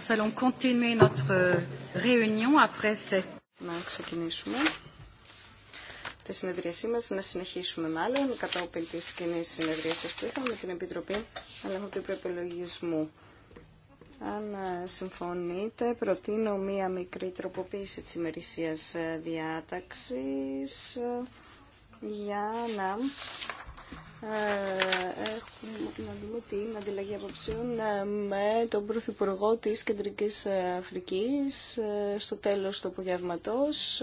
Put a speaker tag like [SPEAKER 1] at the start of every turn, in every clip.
[SPEAKER 1] Nous allons continuer notre euh, réunion
[SPEAKER 2] après cette... Να ξεκινήσουμε τη συνεδρίασή μας, να συνεχίσουμε μάλλον κατά όπιν της κοινής συνεδρίασης που είχαμε με την Επιτροπή Αλλαγού του Προπολογισμού. Αν ε, συμφωνείτε, προτείνω μία μικρή τροποποίηση της ημερησίας ε, διάταξης ε, για να ε, έχουμε να δούμε την αντιλαγή αποψίων ε, με τον Πρωθυπουργό της Κεντρικής ε, Αφρικής στο τέλος του απογεύματος.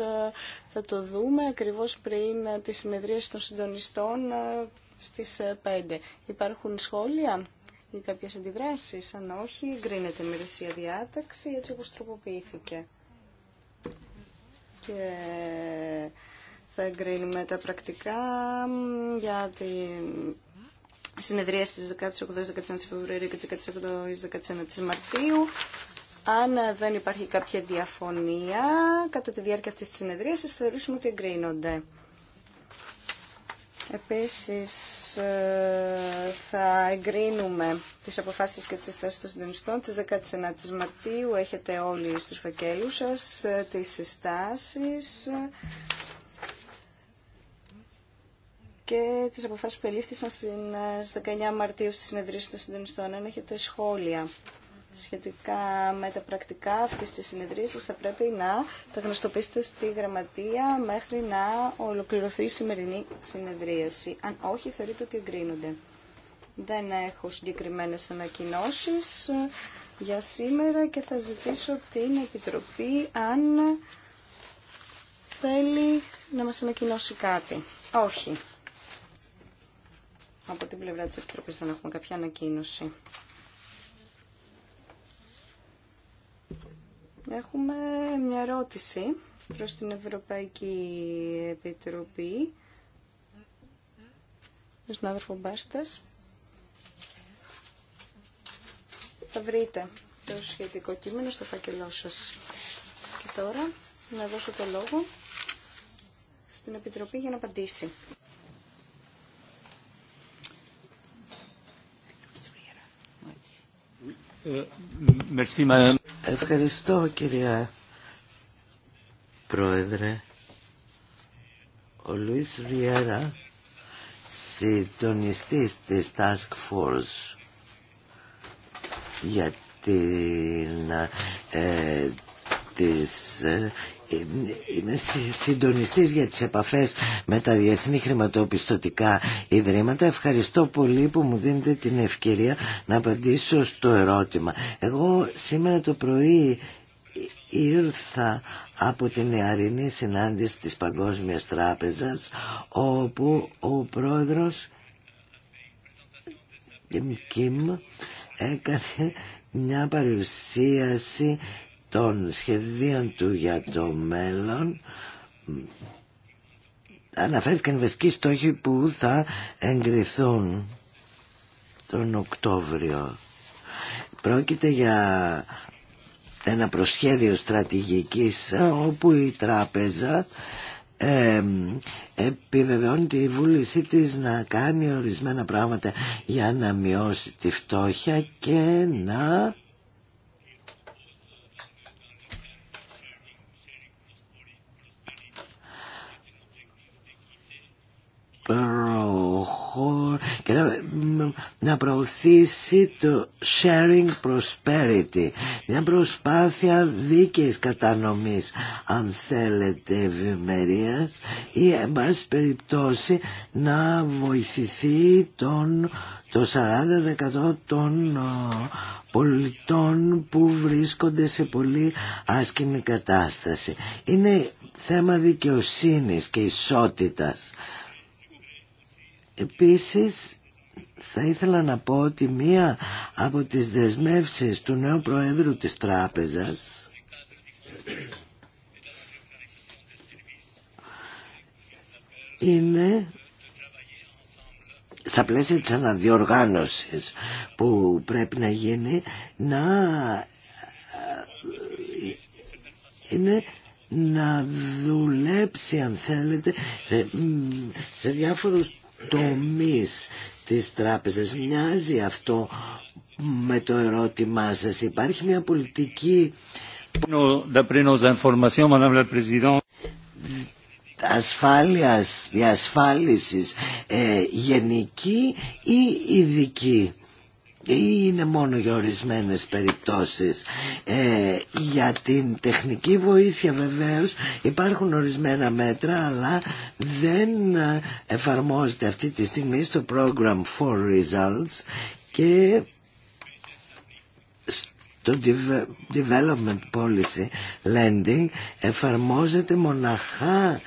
[SPEAKER 2] Θα το δούμε ακριβώς πριν τη συνεδρίαση των συντονιστών στις 5. Υπάρχουν σχόλια ή κάποιες αντιδράσεις. Αν όχι, εγκρίνεται η μερισσία οχι γκρινεται έτσι όπως τροποποιήθηκε. Και θα εγκρίνουμε τα πρακτικά για τη συνεδρία στις 18-19 Φεβρουαρίου και στις 18 19 Μαρτίου. Αν δεν υπάρχει κάποια διαφωνία κατά τη διάρκεια αυτής της συνεδρίας, θα θεωρήσουμε ότι εγκρίνονται. Επίσης ε, θα εγκρίνουμε τις αποφάσεις και τις συστάσεις των συντονιστών της 19 της Μαρτίου. Έχετε όλοι στους φακέλους σας ε, τις συστάσεις και τις αποφάσεις που ελήφθησαν ε, στις 19 Μαρτίου στη συνεδρίαση των συντονιστών. Αν έχετε σχόλια σχετικά με τα πρακτικά αυτής της συνεδρίασης θα πρέπει να τα γνωστοποιήσετε στη γραμματεία μέχρι να ολοκληρωθεί η σημερινή συνεδρίαση. Αν όχι, θεωρείτε ότι εγκρίνονται. Δεν έχω συγκεκριμένες ανακοινώσεις ε, για σήμερα και θα ζητήσω την Επιτροπή αν θέλει να μας ανακοινώσει κάτι. Όχι. Από την πλευρά της Επιτροπής δεν έχουμε κάποια ανακοίνωση. Έχουμε μια ερώτηση προς την Ευρωπαϊκή Επιτροπή. Ο συνάδελφο Μπάστας. Θα βρείτε το σχετικό κείμενο στο φακελό σας. Και τώρα να δώσω το λόγο στην Επιτροπή για να απαντήσει.
[SPEAKER 3] Ευχαριστώ κυρία Πρόεδρε. Ο Λουίς Βιέρα, συντονιστής της Task Force για την, ε, ε συντονιστής για τις επαφές με τα διεθνή χρηματοπιστωτικά ιδρύματα. Ευχαριστώ πολύ που μου δίνετε την ευκαιρία να απαντήσω στο ερώτημα. Εγώ σήμερα το πρωί ήρθα από την νεαρινή συνάντηση της Παγκόσμιας Τράπεζας όπου ο πρόεδρος Κιμ έκανε μια παρουσίαση των σχεδίων του για το μέλλον αναφέρθηκαν βασικοί στόχοι που θα εγκριθούν τον Οκτώβριο. Πρόκειται για ένα προσχέδιο στρατηγικής όπου η τράπεζα ε, επιβεβαιώνει τη βούλησή της να κάνει ορισμένα πράγματα για να μειώσει τη φτώχεια και να να... προωθήσει το sharing prosperity μια προσπάθεια δίκαιης κατανομής αν θέλετε ευημερία ή εν πάση περιπτώσει να βοηθηθεί τον, το 40% των πολιτών που βρίσκονται σε πολύ άσκημη κατάσταση. Είναι θέμα δικαιοσύνης και ισότητας Επίσης θα ήθελα να πω ότι μία από τις δεσμεύσεις του νέου Προέδρου της Τράπεζας είναι στα πλαίσια της αναδιοργάνωσης που πρέπει να γίνει να είναι να δουλέψει αν θέλετε σε, σε διάφορους τομείς της τράπεζας. Μοιάζει αυτό με το ερώτημά σας. Υπάρχει μια πολιτική... Ασφάλειας, διασφάλισης ε, γενική ή ειδική είναι μόνο για ορισμένες περιπτώσεις. Ε, για την τεχνική βοήθεια βεβαίως υπάρχουν ορισμένα μέτρα αλλά δεν ε, εφαρμόζεται αυτή τη στιγμή στο Program for Results και το Development Policy Lending εφαρμόζεται μοναχά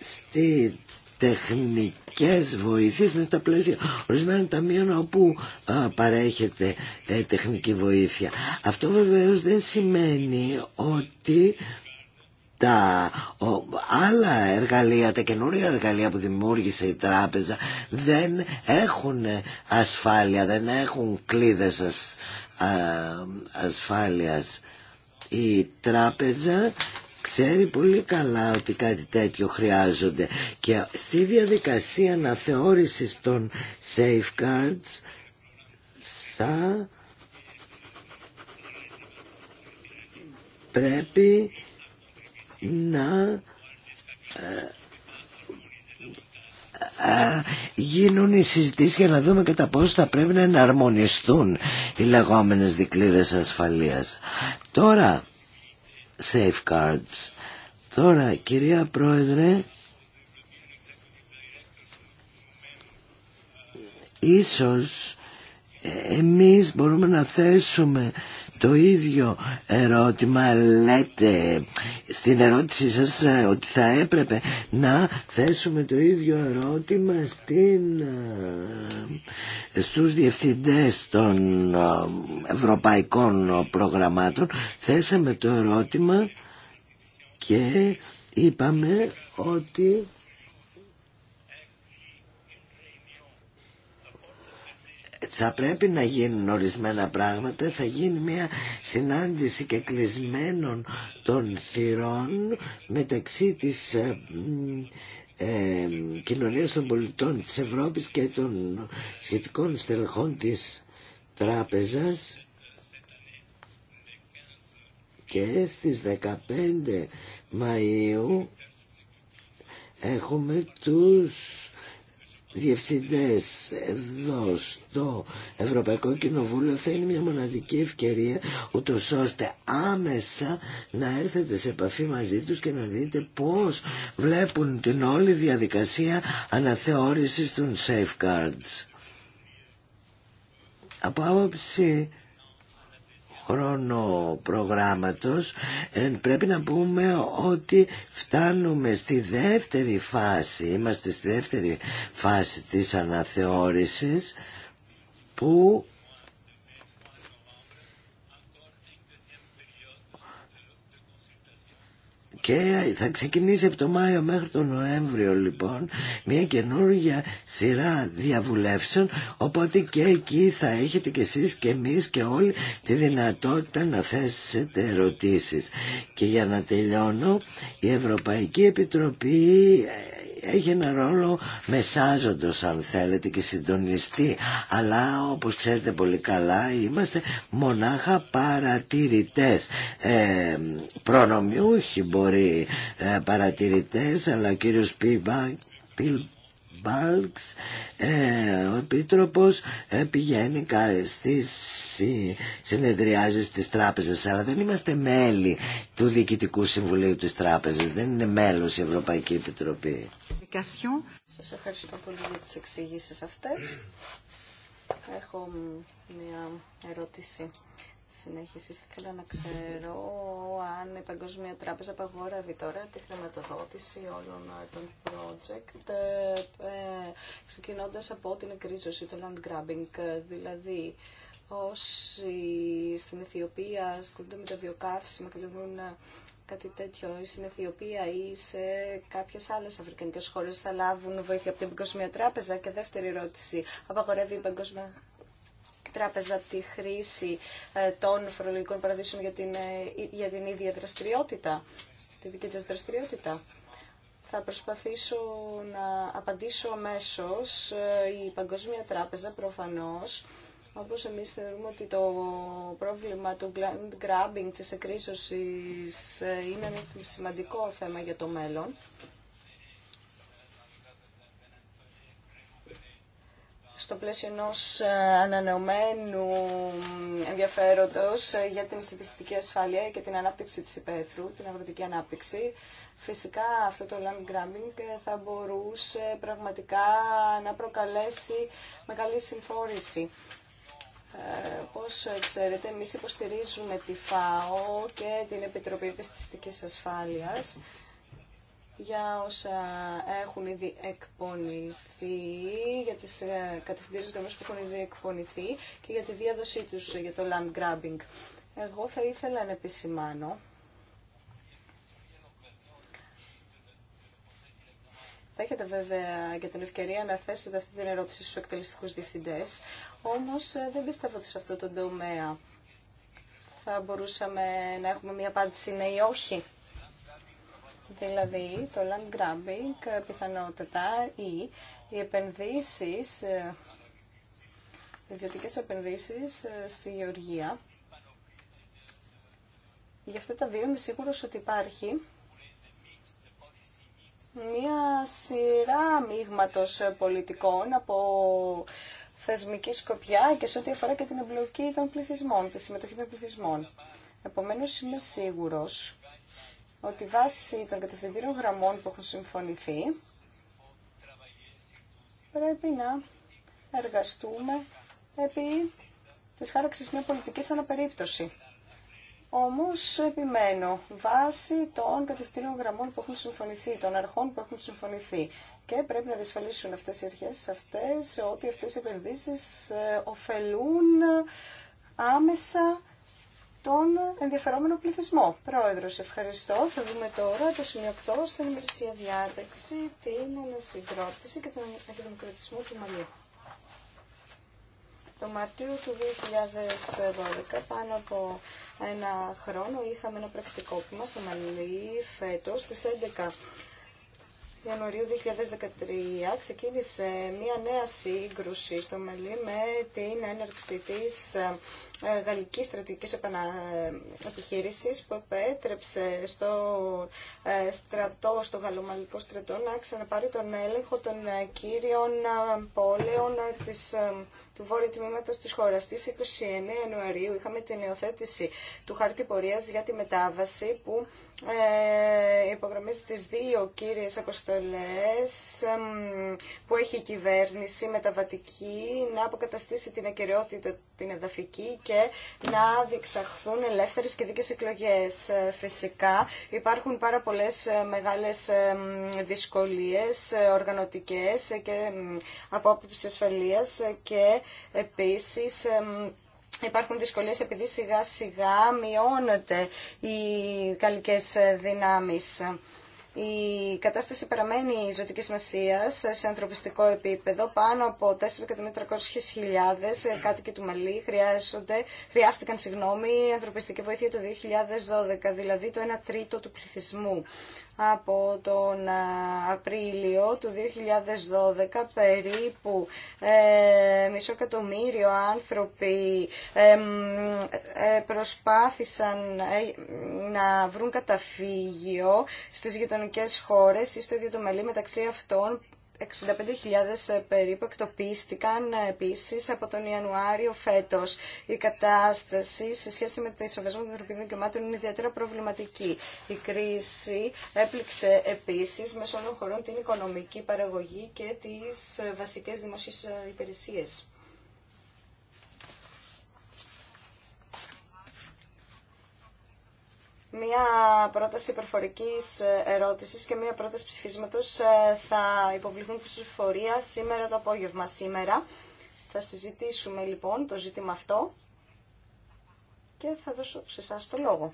[SPEAKER 3] στη τεχνική ποιες με στα πλαίσια ορισμένων ταμείων όπου α, παρέχεται ε, τεχνική βοήθεια. Αυτό βεβαίως δεν σημαίνει ότι τα άλλα εργαλεία, τα καινούργια εργαλεία που δημιούργησε η τράπεζα δεν έχουν ασφάλεια, δεν έχουν κλίδες ασ, ασφάλειας. Η τράπεζα ξέρει πολύ καλά ότι κάτι τέτοιο χρειάζονται και στη διαδικασία να αναθεώρησης των safeguards θα πρέπει να ε, ε, γίνουν οι συζητήσεις για να δούμε κατά πόσο θα πρέπει να εναρμονιστούν οι λεγόμενες δικλείδες ασφαλείας. Τώρα, Τώρα, κυρία Πρόεδρε, ίσως ε, εμείς μπορούμε να θέσουμε το ίδιο ερώτημα λέτε στην ερώτησή σας ε, ότι θα έπρεπε να θέσουμε το ίδιο ερώτημα στην, ε, στους διευθυντές των ε, ευρωπαϊκών προγραμμάτων θέσαμε το ερώτημα και είπαμε ότι θα πρέπει να γίνουν ορισμένα πράγματα θα γίνει μια συνάντηση και κλεισμένων των θυρών μεταξύ της ε, ε κοινωνίας των πολιτών της Ευρώπης και των σχετικών στελεχών της τράπεζας και στις 15 Μαΐου έχουμε τους διευθυντές εδώ στο Ευρωπαϊκό Κοινοβούλιο θα είναι μια μοναδική ευκαιρία ούτω ώστε άμεσα να έρθετε σε επαφή μαζί τους και να δείτε πώς βλέπουν την όλη διαδικασία αναθεώρησης των safeguards. Από άποψη χρόνο προγράμματος ε, πρέπει να πούμε ότι φτάνουμε στη δεύτερη φάση, είμαστε στη δεύτερη φάση της αναθεώρησης που Και θα ξεκινήσει από το Μάιο μέχρι τον Νοέμβριο λοιπόν μια καινούργια σειρά διαβουλεύσεων οπότε και εκεί θα έχετε και εσείς και εμείς και όλοι τη δυνατότητα να θέσετε ερωτήσεις. Και για να τελειώνω η Ευρωπαϊκή Επιτροπή ε, έχει ένα ρόλο μεσάζοντος αν θέλετε και συντονιστή αλλά όπως ξέρετε πολύ καλά είμαστε μονάχα παρατηρητές ε, προνομιούχοι μπορεί ε, παρατηρητές αλλά κύριος ε, ο Επίτροπος ε, πηγαίνει στις συνεδριάζει στις τράπεζες αλλά δεν είμαστε μέλη του Διοικητικού Συμβουλίου της Τράπεζας δεν είναι μέλος η Ευρωπαϊκή Επιτροπή
[SPEAKER 2] Σας ευχαριστώ πολύ για τις εξηγήσεις αυτές Έχω μια ερώτηση συνέχιση. Θα ήθελα να ξέρω αν η Παγκοσμία Τράπεζα απαγορεύει τώρα τη χρηματοδότηση όλων των project, ε, ε, ξεκινώντας από την εκρίζωση, το land grabbing, δηλαδή όσοι στην Αιθιοπία ασχολούνται με τα βιοκαύσιμα και λειτουργούν κάτι τέτοιο ή στην Αιθιοπία ή σε κάποιε άλλε αφρικανικέ χώρε θα λάβουν βοήθεια από την Παγκόσμια Τράπεζα. Και δεύτερη ερώτηση, απαγορεύει η Παγκόσμια τράπεζα τη χρήση ε, των φορολογικών παραδείσων για την, ε, για την ίδια δραστηριότητα, τη δική της δραστηριότητα. Θα προσπαθήσω να απαντήσω αμέσω. Ε, η Παγκόσμια Τράπεζα προφανώς όπως εμείς θεωρούμε ότι το πρόβλημα του grabbing, της εκρίζωσης είναι ένα σημαντικό θέμα για το μέλλον. στο πλαίσιο ενό ε, ανανεωμένου ενδιαφέροντος ε, για την συντηρητική ασφάλεια και την ανάπτυξη της υπαίθρου, την αγροτική ανάπτυξη. Φυσικά αυτό το land grabbing ε, θα μπορούσε πραγματικά να προκαλέσει μεγάλη συμφόρηση. Ε, πώς ξέρετε, εμείς υποστηρίζουμε τη ΦΑΟ και την Επιτροπή Επιστηστικής Ασφάλειας για όσα έχουν ήδη εκπονηθεί, για τις ε, κατευθυντήρες γραμμές που έχουν ήδη εκπονηθεί και για τη διάδοσή τους για το land grabbing. Εγώ θα ήθελα να επισημάνω Θα έχετε βέβαια και την ευκαιρία να θέσετε αυτή την ερώτηση στους εκτελεστικούς διευθυντές, όμως ε, δεν πιστεύω ότι σε αυτό το τομέα θα μπορούσαμε να έχουμε μια απάντηση ναι ή όχι δηλαδή το land grabbing ε, πιθανότητα ή οι επενδύσεις, ε, ιδιωτικέ επενδύσεις ε, στη γεωργία. Για αυτά τα δύο είμαι σίγουρος ότι υπάρχει μία σειρά μείγματος πολιτικών από θεσμική σκοπιά και σε ό,τι αφορά και την εμπλοκή των πληθυσμών, τη συμμετοχή των πληθυσμών. Επομένως είμαι σίγουρος ότι βάσει των κατευθυντήριων γραμμών που έχουν συμφωνηθεί πρέπει να εργαστούμε επί της χάραξης μια πολιτικής αναπερίπτωση. Όμως επιμένω βάσει των κατευθυντήριων γραμμών που έχουν συμφωνηθεί, των αρχών που έχουν συμφωνηθεί και πρέπει να διασφαλίσουν αυτές οι αρχές αυτές ότι αυτές οι επενδύσεις ε, ωφελούν άμεσα τον ενδιαφερόμενο πληθυσμό. Πρόεδρος, ευχαριστώ. Θα δούμε τώρα το σημείο 8 στην ημερησία διάταξη, την ανασυγκρότηση και τον αντιδημοκρατισμό του Μαλίου. Το Μαρτίο του 2012, πάνω από ένα χρόνο, είχαμε ένα πραξικόπημα στο Μαλί φέτος, στις 11 Ιανουαρίου 2013 ξεκίνησε μια νέα σύγκρουση στο μελί με την έναρξη της ε, γαλλικής στρατιωτικής επιχείρησης που επέτρεψε στο ε, στρατό, στο γαλλομαλικό στρατό να ξαναπάρει τον έλεγχο των ε, κύριων πόλεων της του βόρειου τμήματος της χώρας. Στις 29 Ιανουαρίου είχαμε την υιοθέτηση του χάρτη πορείας για τη μετάβαση που ε, υπογραμμίζει τις δύο κύριες αποστολές που έχει η κυβέρνηση μεταβατική να αποκαταστήσει την ακαιρεότητα την εδαφική και να διεξαχθούν ελεύθερες και δίκες εκλογές. Ε, φυσικά υπάρχουν πάρα πολλές ε, μεγάλες δυσκολίες ε, οργανωτικές και από άποψη ασφαλείας και επίσης Υπάρχουν δυσκολίες επειδή σιγά σιγά μειώνονται οι καλλικές δυνάμεις. Η κατάσταση παραμένει ζωτική σημασία σε ανθρωπιστικό επίπεδο. Πάνω από 4.300.000 κάτοικοι του Μαλή χρειάστηκαν συγγνώμη, ανθρωπιστική βοήθεια το 2012, δηλαδή το 1 τρίτο του πληθυσμού από τον Απρίλιο του 2012 περίπου ε, μισό εκατομμύριο άνθρωποι ε, ε προσπάθησαν ε, να βρουν καταφύγιο στις γειτονικές χώρες ή στο ίδιο το μελή μεταξύ αυτών 65.000 ε, περίπου εκτοπίστηκαν ε, επίσης από τον Ιανουάριο φέτος. Η κατάσταση σε σχέση με το σοβασμό των ανθρωπίνων είναι ιδιαίτερα προβληματική. Η κρίση έπληξε επίσης μέσω όλων χωρών την οικονομική παραγωγή και τις ε, βασικές δημοσίες υπηρεσίες. Μία πρόταση υπερφορικής ε, ερώτησης και μία πρόταση ψηφίσματος ε, θα υποβληθούν ψηφοφορία σήμερα το απόγευμα. Σήμερα θα συζητήσουμε λοιπόν το ζήτημα αυτό και θα δώσω σε εσά το λόγο.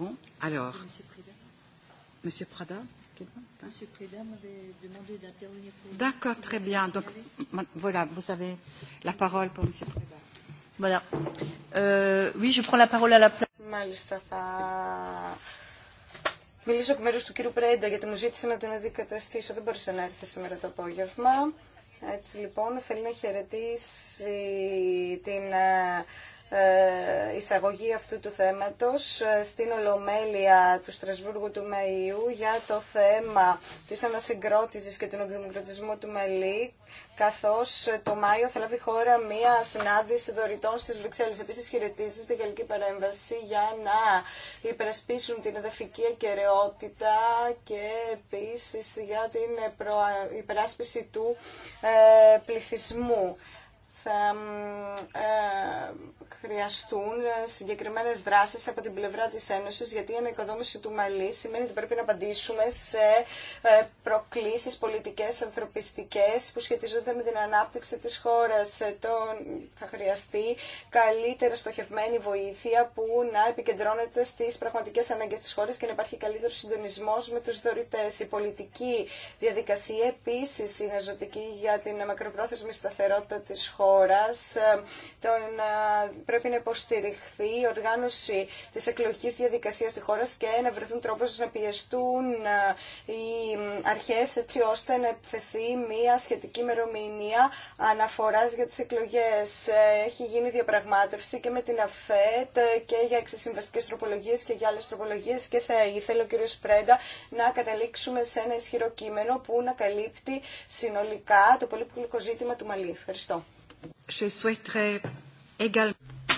[SPEAKER 1] Bon, alors, Monsieur Prada, D'accord, très bien. Donc, voilà, vous avez la parole pour Monsieur Préda. Voilà. Euh, oui, je prends la parole à la place.
[SPEAKER 2] Μάλιστα, θα μιλήσω εκ μέρου του κύριου Πρέντα, γιατί μου ζήτησε να τον αντικαταστήσω. Δεν μπορούσε να έρθει σήμερα το απόγευμα. Έτσι λοιπόν, θέλει να χαιρετήσει την ε, ε, εισαγωγή αυτού του θέματος ε, στην Ολομέλεια του Στρασβούργου του Μαΐου για το θέμα της ανασυγκρότησης και του νομιμοκρατισμού του μελή καθώς το Μάιο θα λάβει χώρα μία συνάντηση δωρητών στις Βρυξέλλες. Επίσης χαιρετίζει τη γαλλική παρέμβαση για να υπερασπίσουν την εδαφική ακαιρεότητα και επίσης για την υπεράσπιση του ε, πληθυσμού θα ε, χρειαστούν συγκεκριμένες δράσεις από την πλευρά της Ένωσης, γιατί η ανοικοδόμηση του Μαλή σημαίνει ότι πρέπει να απαντήσουμε σε ε, προκλήσεις πολιτικές, ανθρωπιστικές που σχετιζόνται με την ανάπτυξη της χώρας. Ε, θα χρειαστεί καλύτερα στοχευμένη βοήθεια που να επικεντρώνεται στις πραγματικές ανάγκες της χώρας και να υπάρχει καλύτερο συντονισμός με τους δωρητές. Η πολιτική διαδικασία επίσης είναι ζωτική για την μακροπρόθεσμη σταθερότητα τη χώρας χώρας. Ε, ε, πρέπει να υποστηριχθεί η οργάνωση της εκλογικής διαδικασίας στη χώρα και να βρεθούν τρόπος να πιεστούν ε, οι αρχές έτσι ώστε να επιθεθεί μια σχετική ημερομηνία αναφοράς για τις εκλογές. Έχει γίνει διαπραγμάτευση και με την ΑΦΕΤ και για εξεσυμβαστικές τροπολογίες και για άλλες τροπολογίες και θα ήθελε ο κ. Πρέντα να καταλήξουμε σε ένα ισχυρό κείμενο που να καλύπτει συνολικά το πολύπλοκο ζήτημα του Μαλή. Ευχαριστώ.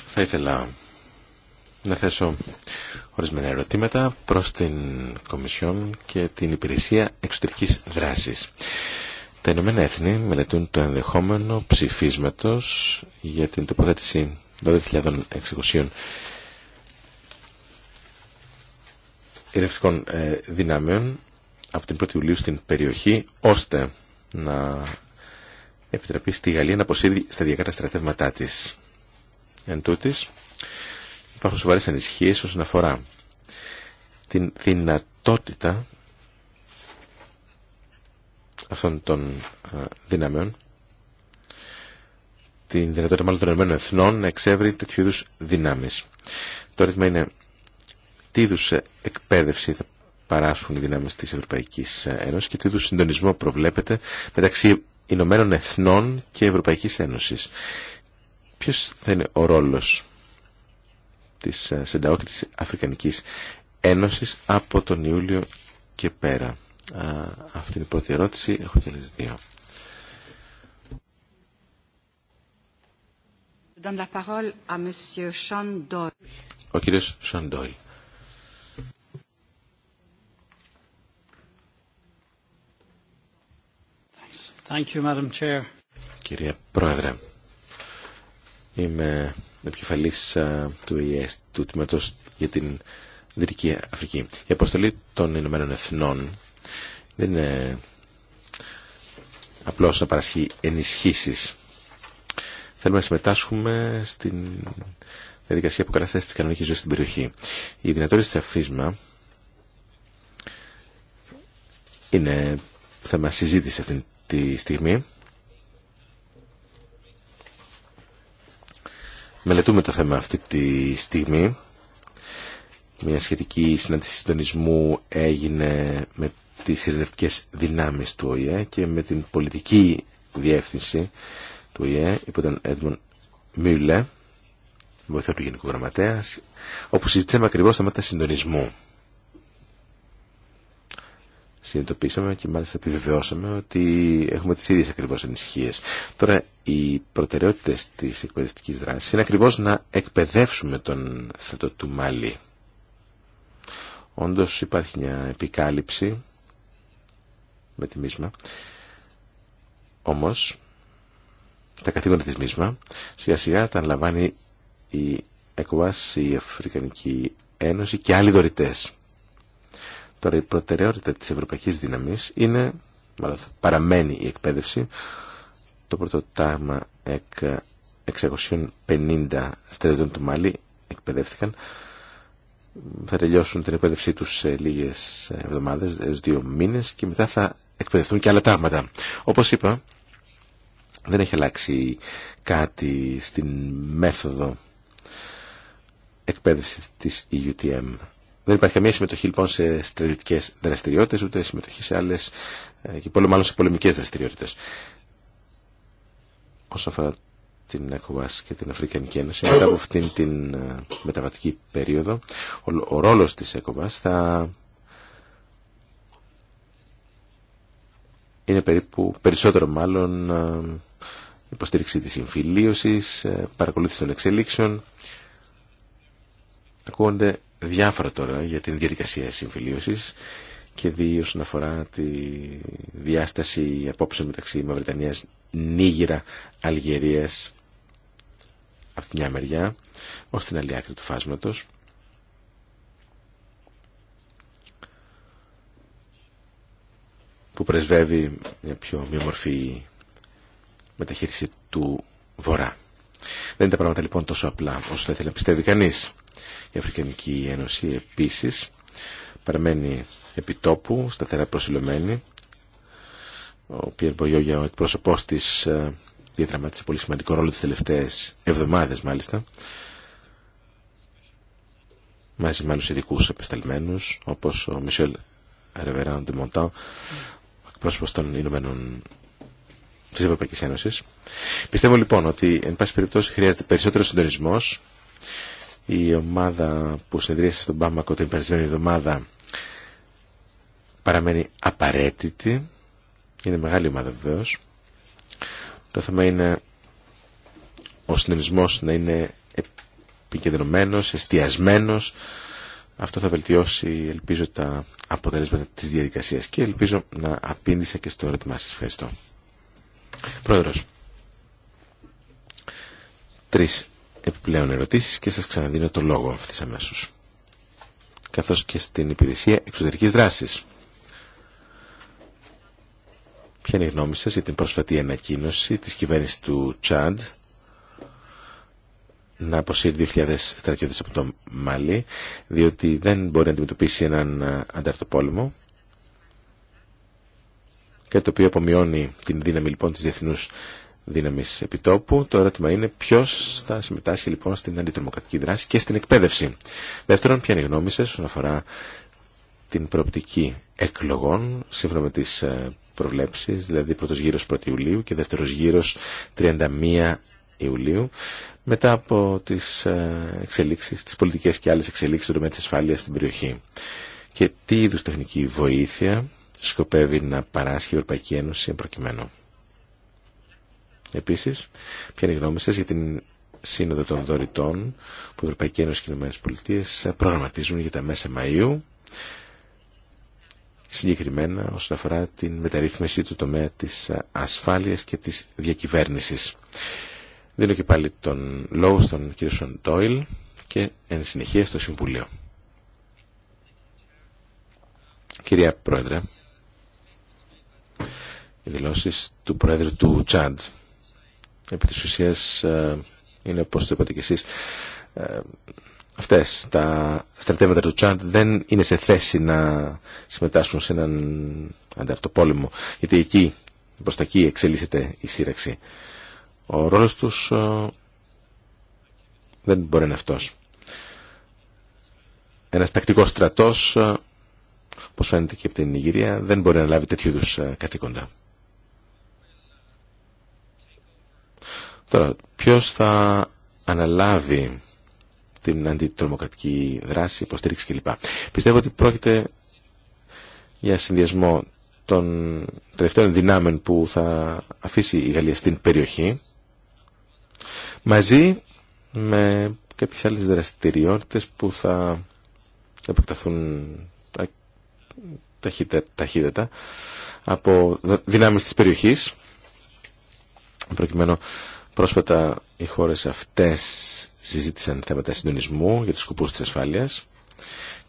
[SPEAKER 4] Θα ήθελα να θέσω ορισμένα ερωτήματα προς την Κομισιόν και την Υπηρεσία Εξωτερικής Δράσης. Τα Ηνωμένα Έθνη μελετούν το ενδεχόμενο ψηφίσματος για την τοποθέτηση 12.600 ειρευτικών ε, δυνάμεων από την 1η Ιουλίου στην περιοχή ώστε να επιτραπεί στη Γαλλία να αποσύρει στα τα στρατεύματά τη. Εν τούτη, υπάρχουν σοβαρέ ανησυχίε όσον αφορά την δυνατότητα αυτών των δυναμεών την δυνατότητα μάλλον των Ηνωμένων Εθνών να εξεύρει τέτοιου είδου δυνάμει. Το ρήτημα είναι τι είδου ε, εκπαίδευση θα παράσχουν οι δυνάμει τη Ευρωπαϊκή Ένωση και τι είδου συντονισμό προβλέπεται μεταξύ Ηνωμένων Εθνών και Ευρωπαϊκής Ένωσης. Ποιος θα είναι ο ρόλος της ε, ΣΕΝΤΑΟ Αφρικανικής Ένωσης από τον Ιούλιο και πέρα. αυτή είναι η πρώτη ερώτηση, έχω και άλλες δύο. Ο κύριος Σαντόι. Thank Κυρία Πρόεδρε, είμαι επικεφαλή ε, του ΕΕΣ, του Τμήματος για την Δυτική Αφρική. Η αποστολή των Ηνωμένων Εθνών δεν είναι απλώς να παρασχεί ενισχύσεις. Θέλουμε να συμμετάσχουμε στην διαδικασία που καταστάσει τη κανονική ζωή στην περιοχή. Η δυνατότητα τη αφρίσμα είναι θέμα συζήτηση αυτήν τη στιγμή. Μελετούμε το θέμα αυτή τη στιγμή. Μια σχετική συνάντηση συντονισμού έγινε με τις ειρηνευτικές δυνάμεις του ΟΗΕ και με την πολιτική διεύθυνση του ΟΗΕ υπό τον Έντμον Μιουλέ, βοηθό του Γενικού Γραμματέα, όπου συζητήσαμε ακριβώ τα συντονισμού συνειδητοποίησαμε και μάλιστα επιβεβαιώσαμε ότι έχουμε τις ίδιες ακριβώς ανησυχίες. Τώρα, οι προτεραιότητες της εκπαιδευτικής δράσης είναι ακριβώς να εκπαιδεύσουμε τον στρατό του Μάλι. Όντως υπάρχει μια επικάλυψη με τη μίσμα. Όμως, τα καθήκοντα της μίσμα σιγά σιγά τα αναλαμβάνει η ΕΚΟΑΣ, η Αφρικανική Ένωση και άλλοι δωρητές. Τώρα η προτεραιότητα της ευρωπαϊκής δύναμης είναι, μάλλον παραμένει η εκπαίδευση, το πρωτοτάγμα εκ 650 στρατιωτών του Μάλι εκπαιδεύτηκαν. Θα τελειώσουν την εκπαίδευσή τους σε λίγες εβδομάδες, δύο μήνες και μετά θα εκπαιδευτούν και άλλα τάγματα. Όπως είπα, δεν έχει αλλάξει κάτι στην μέθοδο εκπαίδευση της EUTM. Δεν υπάρχει καμία συμμετοχή λοιπόν σε στρατιωτικέ δραστηριότητε, ούτε συμμετοχή σε άλλε ε, και πολύ μάλλον σε πολεμικέ δραστηριότητε. Όσον αφορά την ΕΚΟΒΑΣ και την Αφρικανική Ένωση, μετά από αυτήν την ε, μεταβατική περίοδο, ο ρόλος της ΕΚΟΒΑΣ θα είναι περίπου περισσότερο μάλλον ε, υποστήριξη της συμφιλίωσης, παρακολούθηση των εξελίξεων. Ακούγονται διάφορα τώρα για την διαδικασία συμφιλίωσης και δύο όσον αφορά τη διάσταση αποψε μεταξύ Μαυρετανίας, Νίγηρα, Αλγερίας από τη μια μεριά ως την άλλη άκρη του φάσματος. που πρεσβεύει μια πιο μειομορφή μεταχείριση του Βορρά. Δεν είναι τα πράγματα λοιπόν τόσο απλά όσο θα ήθελε να πιστεύει κανείς. Η Αφρικανική Ένωση επίσης παραμένει επιτόπου, σταθερά προσιλωμένη. Ο Πιερ Μπογιόγια, ο εκπρόσωπός της, ε, διαδραμάτισε πολύ σημαντικό ρόλο τις τελευταίες εβδομάδες μάλιστα. Μαζί με άλλους ειδικούς επεσταλμένους, όπως ο Μισελ Ρεβεράν Ντεμοντά, εκπρόσωπος των Ηνωμένων της Ευρωπαϊκής Ένωσης. Πιστεύω λοιπόν ότι εν πάση περιπτώσει χρειάζεται περισσότερο συντονισμός η ομάδα που συνεδρίασε στον Πάμακο την περασμένη εβδομάδα παραμένει απαραίτητη. Είναι μεγάλη ομάδα βεβαίω. Το θέμα είναι ο συντονισμός να είναι επικεντρωμένος, εστιασμένος. Αυτό θα βελτιώσει, ελπίζω, τα αποτελέσματα της διαδικασίας και ελπίζω να απήντησα και στο ερώτημά σας. Ευχαριστώ. Πρόεδρος, τρεις επιπλέον ερωτήσεις και σας ξαναδίνω το λόγο αυτής αμέσως. Καθώς και στην υπηρεσία εξωτερικής δράσης. Ποια είναι η γνώμη σας για την πρόσφατη ανακοίνωση της κυβέρνησης του Τσάντ να αποσύρει 2.000 στρατιώτες από το Μάλι, διότι δεν μπορεί να αντιμετωπίσει έναν ανταρτοπόλεμο, και το οποίο απομειώνει την δύναμη λοιπόν της διεθνούς δύναμη επιτόπου. Το ερώτημα είναι ποιο θα συμμετάσχει λοιπόν στην αντιτρομοκρατική δράση και στην εκπαίδευση. Δεύτερον, ποια είναι η γνώμη σας όσον αφορά την προοπτική εκλογών σύμφωνα με τι ε, προβλέψει, δηλαδή πρώτο γύρος 1 Ιουλίου και δεύτερος γύρος 31 Ιουλίου, μετά από τις ε, εξελίξεις, τις πολιτικές και άλλες εξελίξει του τομέα της στην περιοχή. Και τι είδου τεχνική βοήθεια σκοπεύει να παράσχει η Ευρωπαϊκή Ένωση προκειμένου. Επίσης, ποια είναι η γνώμη σα για την Σύνοδο των Δωρητών που η Ευρωπαϊκή Ένωση και οι Ηνωμένες προγραμματίζουν για τα μέσα Μαΐου συγκεκριμένα όσον αφορά την μεταρρύθμιση του τομέα της ασφάλειας και της διακυβέρνησης. Δίνω και πάλι τον λόγο στον κ. Σοντόιλ και εν συνεχεία στο Συμβούλιο. Κυρία Πρόεδρε, οι δηλώσεις του Πρόεδρου του Τσάντ επί της ουσίας ε, είναι όπως το είπατε και εσείς ε, αυτές τα στρατεύματα του Τσάντ δεν είναι σε θέση να συμμετάσχουν σε έναν ανταρτοπόλεμο γιατί εκεί προς τα εκεί εξελίσσεται η σύραξη ο ρόλος τους ε, δεν μπορεί να είναι αυτός ένας τακτικός στρατός όπως φαίνεται και από την Ιγυρία δεν μπορεί να λάβει τέτοιου είδους καθήκοντα Τώρα, ποιος θα αναλάβει την αντιτρομοκρατική δράση, υποστήριξη κλπ. Πιστεύω ότι πρόκειται για συνδυασμό των τελευταίων δυνάμεων που θα αφήσει η Γαλλία στην περιοχή μαζί με κάποιες άλλες δραστηριότητες που θα επεκταθούν ταχύτερα από δυνάμεις της περιοχής προκειμένου Πρόσφατα οι χώρες αυτές συζήτησαν θέματα συντονισμού για τους σκοπούς της ασφάλειας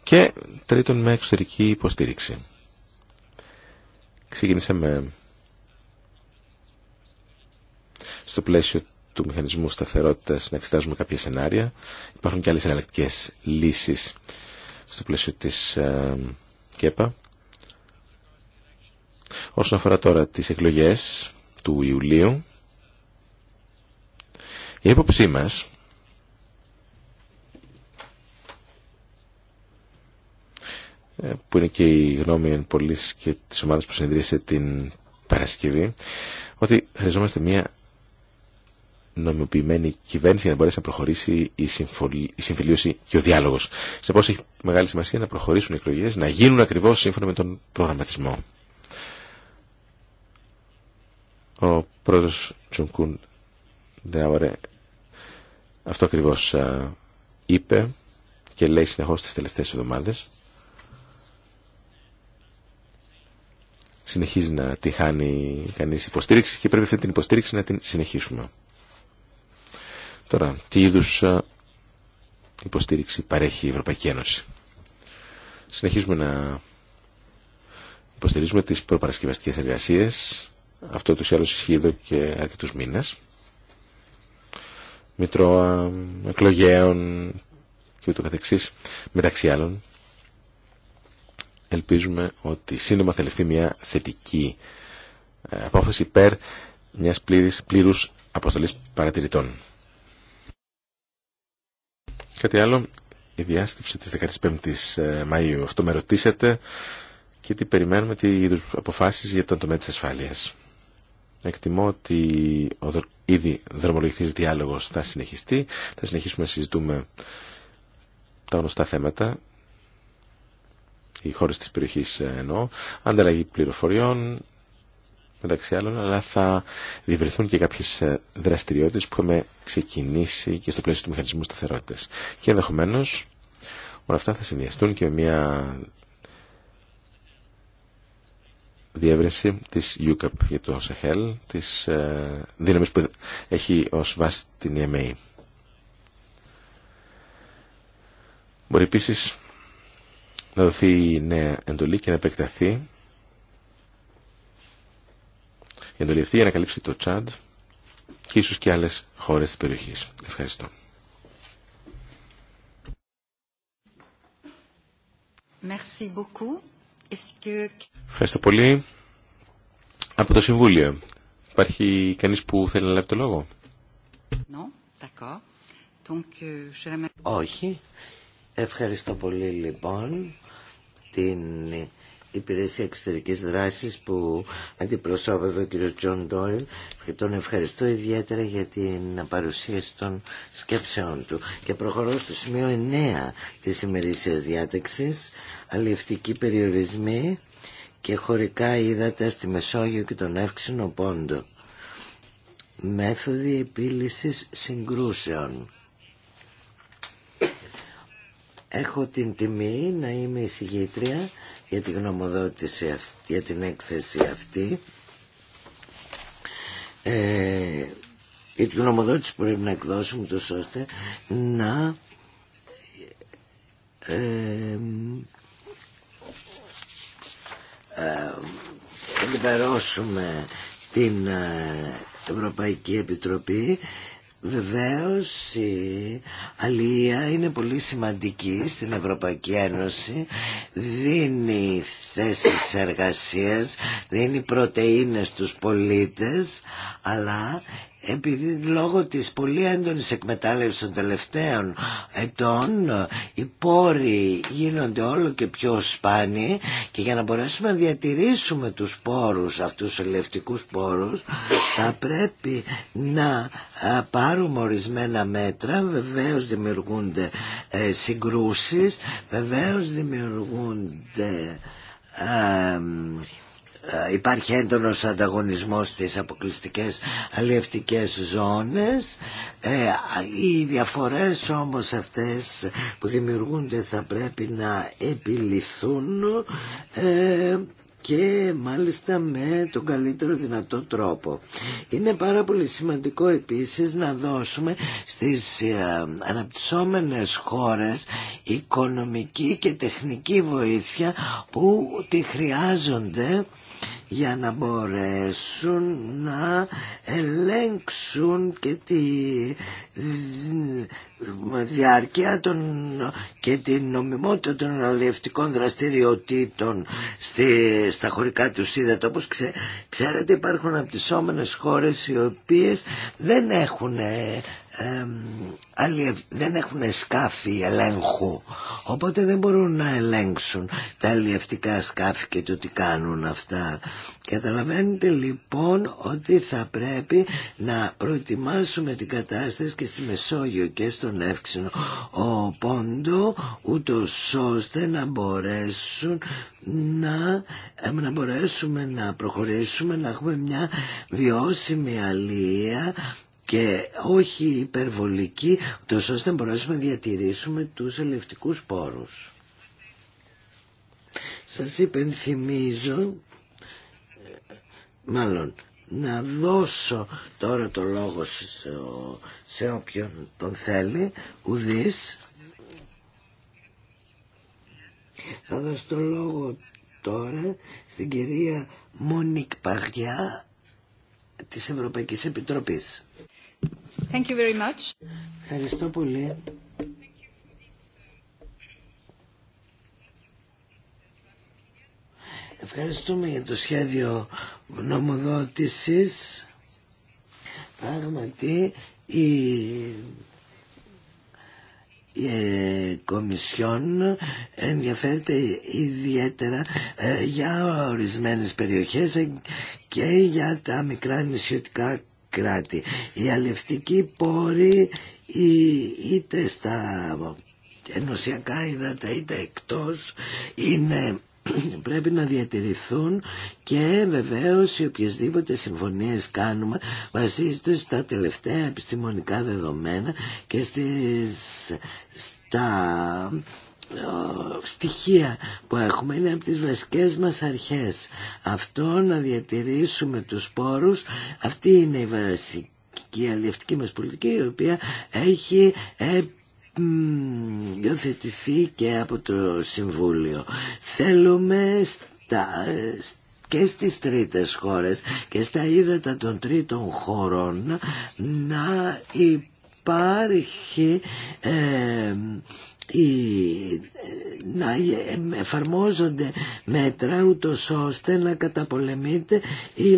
[SPEAKER 4] και τρίτον με εξωτερική υποστήριξη. Ξεκινήσαμε στο πλαίσιο του μηχανισμού σταθερότητας να εξετάζουμε κάποια σενάρια. Υπάρχουν και άλλες εναλλακτικές λύσεις στο πλαίσιο της ε, ΚΕΠΑ. Όσον αφορά τώρα τις εκλογές του Ιουλίου, η έποψή μας ε, που είναι και η γνώμη εν πολλής και της ομάδας που συνεδρίασε την Παρασκευή ότι χρειαζόμαστε μια νομιμοποιημένη κυβέρνηση για να μπορέσει να προχωρήσει η, συμφωλή, η συμφιλίωση και ο διάλογος. Σε πώς έχει μεγάλη σημασία να προχωρήσουν οι εκλογές, να γίνουν ακριβώς σύμφωνα με τον προγραμματισμό. Ο πρόεδρος Τσουνκούν ωραία. Ναι, ναι, ναι. αυτό ακριβώς είπε και λέει συνεχώς τις τελευταίες εβδομάδες. Συνεχίζει να τη χάνει κανείς υποστήριξη και πρέπει αυτή την υποστήριξη να την συνεχίσουμε. Τώρα, τι είδους υποστήριξη παρέχει η Ευρωπαϊκή Ένωση. Συνεχίζουμε να υποστηρίζουμε τις προπαρασκευαστικές εργασίες. Αυτό τους άλλους ισχύει εδώ και αρκετούς μήνες. Μητρώα, εκλογέων και ούτω καθεξής, μεταξύ άλλων. Ελπίζουμε ότι σύντομα θα ληφθεί μια θετική ε, απόφαση υπέρ μιας πλήρης, πλήρους αποστολής παρατηρητών. Κάτι άλλο, η διάσκεψη της 15ης ε, Μαΐου. Αυτό με ρωτήσατε και τι περιμένουμε, τι είδους αποφάσεις για τον τομέα της ασφάλειας. Εκτιμώ ότι ο ήδη δρομολογηθής διάλογος θα συνεχιστεί. Θα συνεχίσουμε να συζητούμε τα γνωστά θέματα, οι χώρε της περιοχής ε, εννοώ, ανταλλαγή πληροφοριών, μεταξύ άλλων, αλλά θα διευρυθούν και κάποιες ε, δραστηριότητες που έχουμε ξεκινήσει και στο πλαίσιο του μηχανισμού σταθερότητας. Και ενδεχομένω όλα αυτά θα συνδυαστούν και με μια διεύρυνση της UCAP για το ΣΕΧΕΛ, της ε, δύναμης που έχει ως βάση την EMA. Μπορεί επίση να δοθεί νέα εντολή και να επεκταθεί η εντολή αυτή για να καλύψει το Τσάντ και ίσως και άλλες χώρες της περιοχής. Ευχαριστώ.
[SPEAKER 1] Merci beaucoup. Que...
[SPEAKER 4] Ευχαριστώ πολύ. Από το Συμβούλιο. Υπάρχει κανείς που θέλει να λάβει το λόγο.
[SPEAKER 1] Euh,
[SPEAKER 4] Όχι.
[SPEAKER 3] Ευχαριστώ πολύ λοιπόν την υπηρεσία εξωτερικής δράσης που αντιπροσώπευε ο κ. Τζον Ντόιλ και τον ευχαριστώ ιδιαίτερα για την παρουσίαση των σκέψεών του. Και προχωρώ στο σημείο 9 της ημερήσιας διάταξης, αλληλευτικοί περιορισμοί και χωρικά ύδατα στη Μεσόγειο και τον Εύξηνο Πόντο. Μέθοδοι επίλυσης συγκρούσεων. Έχω την τιμή να είμαι εισηγήτρια για την γνωμοδότηση αυτή, για την έκθεση αυτή. Ε, για την γνωμοδότηση που πρέπει να εκδώσουμε τους ώστε να ε, την ε, Ευρωπαϊκή Επιτροπή Βεβαίως η αλληλεία είναι πολύ σημαντική στην Ευρωπαϊκή Ένωση, δίνει θέσεις εργασίας, δίνει πρωτεΐνες στους πολίτες, αλλά επειδή λόγω της πολύ έντονης εκμετάλλευσης των τελευταίων ετών οι πόροι γίνονται όλο και πιο σπάνιοι και για να μπορέσουμε να διατηρήσουμε τους πόρους, αυτούς τους ελευτικούς πόρους θα πρέπει να πάρουμε ορισμένα μέτρα βεβαίως δημιουργούνται ε, συγκρούσεις βεβαίως δημιουργούνται ε, ε, υπάρχει έντονος ανταγωνισμός στις αποκλειστικές αλλιευτικές ζώνες ε, οι διαφορές όμως αυτές που δημιουργούνται θα πρέπει να επιληθούν ε, και μάλιστα με τον καλύτερο δυνατό τρόπο. Είναι πάρα πολύ σημαντικό επίσης να δώσουμε στις αναπτυσσόμενες χώρες οικονομική και τεχνική βοήθεια που τη χρειάζονται για να μπορέσουν να ελέγξουν και τη διάρκεια των, και την νομιμότητα των αλληλευτικών δραστηριοτήτων στη, στα χωρικά του ύδατα. Όπως ξέ, ξέρετε υπάρχουν από χώρες οι οποίες δεν έχουν ε, άλλοι δεν έχουν σκάφη ελέγχου οπότε δεν μπορούν να ελέγξουν τα αλλιευτικά σκάφη και το τι κάνουν αυτά καταλαβαίνετε λοιπόν ότι θα πρέπει να προετοιμάσουμε την κατάσταση και στη Μεσόγειο και στον Εύξηνο ο Πόντο ούτω ώστε να μπορέσουν να, να μπορέσουμε να προχωρήσουμε να έχουμε μια βιώσιμη αλία, και όχι υπερβολική, τόσο ώστε να μπορέσουμε να διατηρήσουμε τους ελευτικούς πόρους. Σας υπενθυμίζω, μάλλον, να δώσω τώρα το λόγο σε, όποιον τον θέλει, ουδής. Θα δώσω το λόγο τώρα στην κυρία Μονικ Παγιά της Ευρωπαϊκής Επιτροπής.
[SPEAKER 1] Ευχαριστώ πολύ. Ευχαριστούμε
[SPEAKER 3] για το σχέδιο γνωμοδότησης. Πράγματι, η, η ε, Κομισιόν ενδιαφέρεται ιδιαίτερα ε, για ορισμένες περιοχές ε, και για τα μικρά νησιωτικά η Οι αλευτικοί πόροι είτε στα ενωσιακά ύδατα είτε εκτός είναι πρέπει να διατηρηθούν και βεβαίως οι οποιασδήποτε συμφωνίες κάνουμε βασίζονται στα τελευταία επιστημονικά δεδομένα και στις, στα ε, στοιχεία που έχουμε είναι από τις βασικές μας αρχές αυτό να διατηρήσουμε τους πόρους αυτή είναι η βασική αλληλευτική μας πολιτική η οποία έχει ε, υιοθετηθεί και από το Συμβούλιο θέλουμε και στις τρίτες χώρες και στα είδατα των τρίτων χωρών να υπάρχει ε, να εφαρμόζονται μέτρα ούτως ώστε να καταπολεμείται η,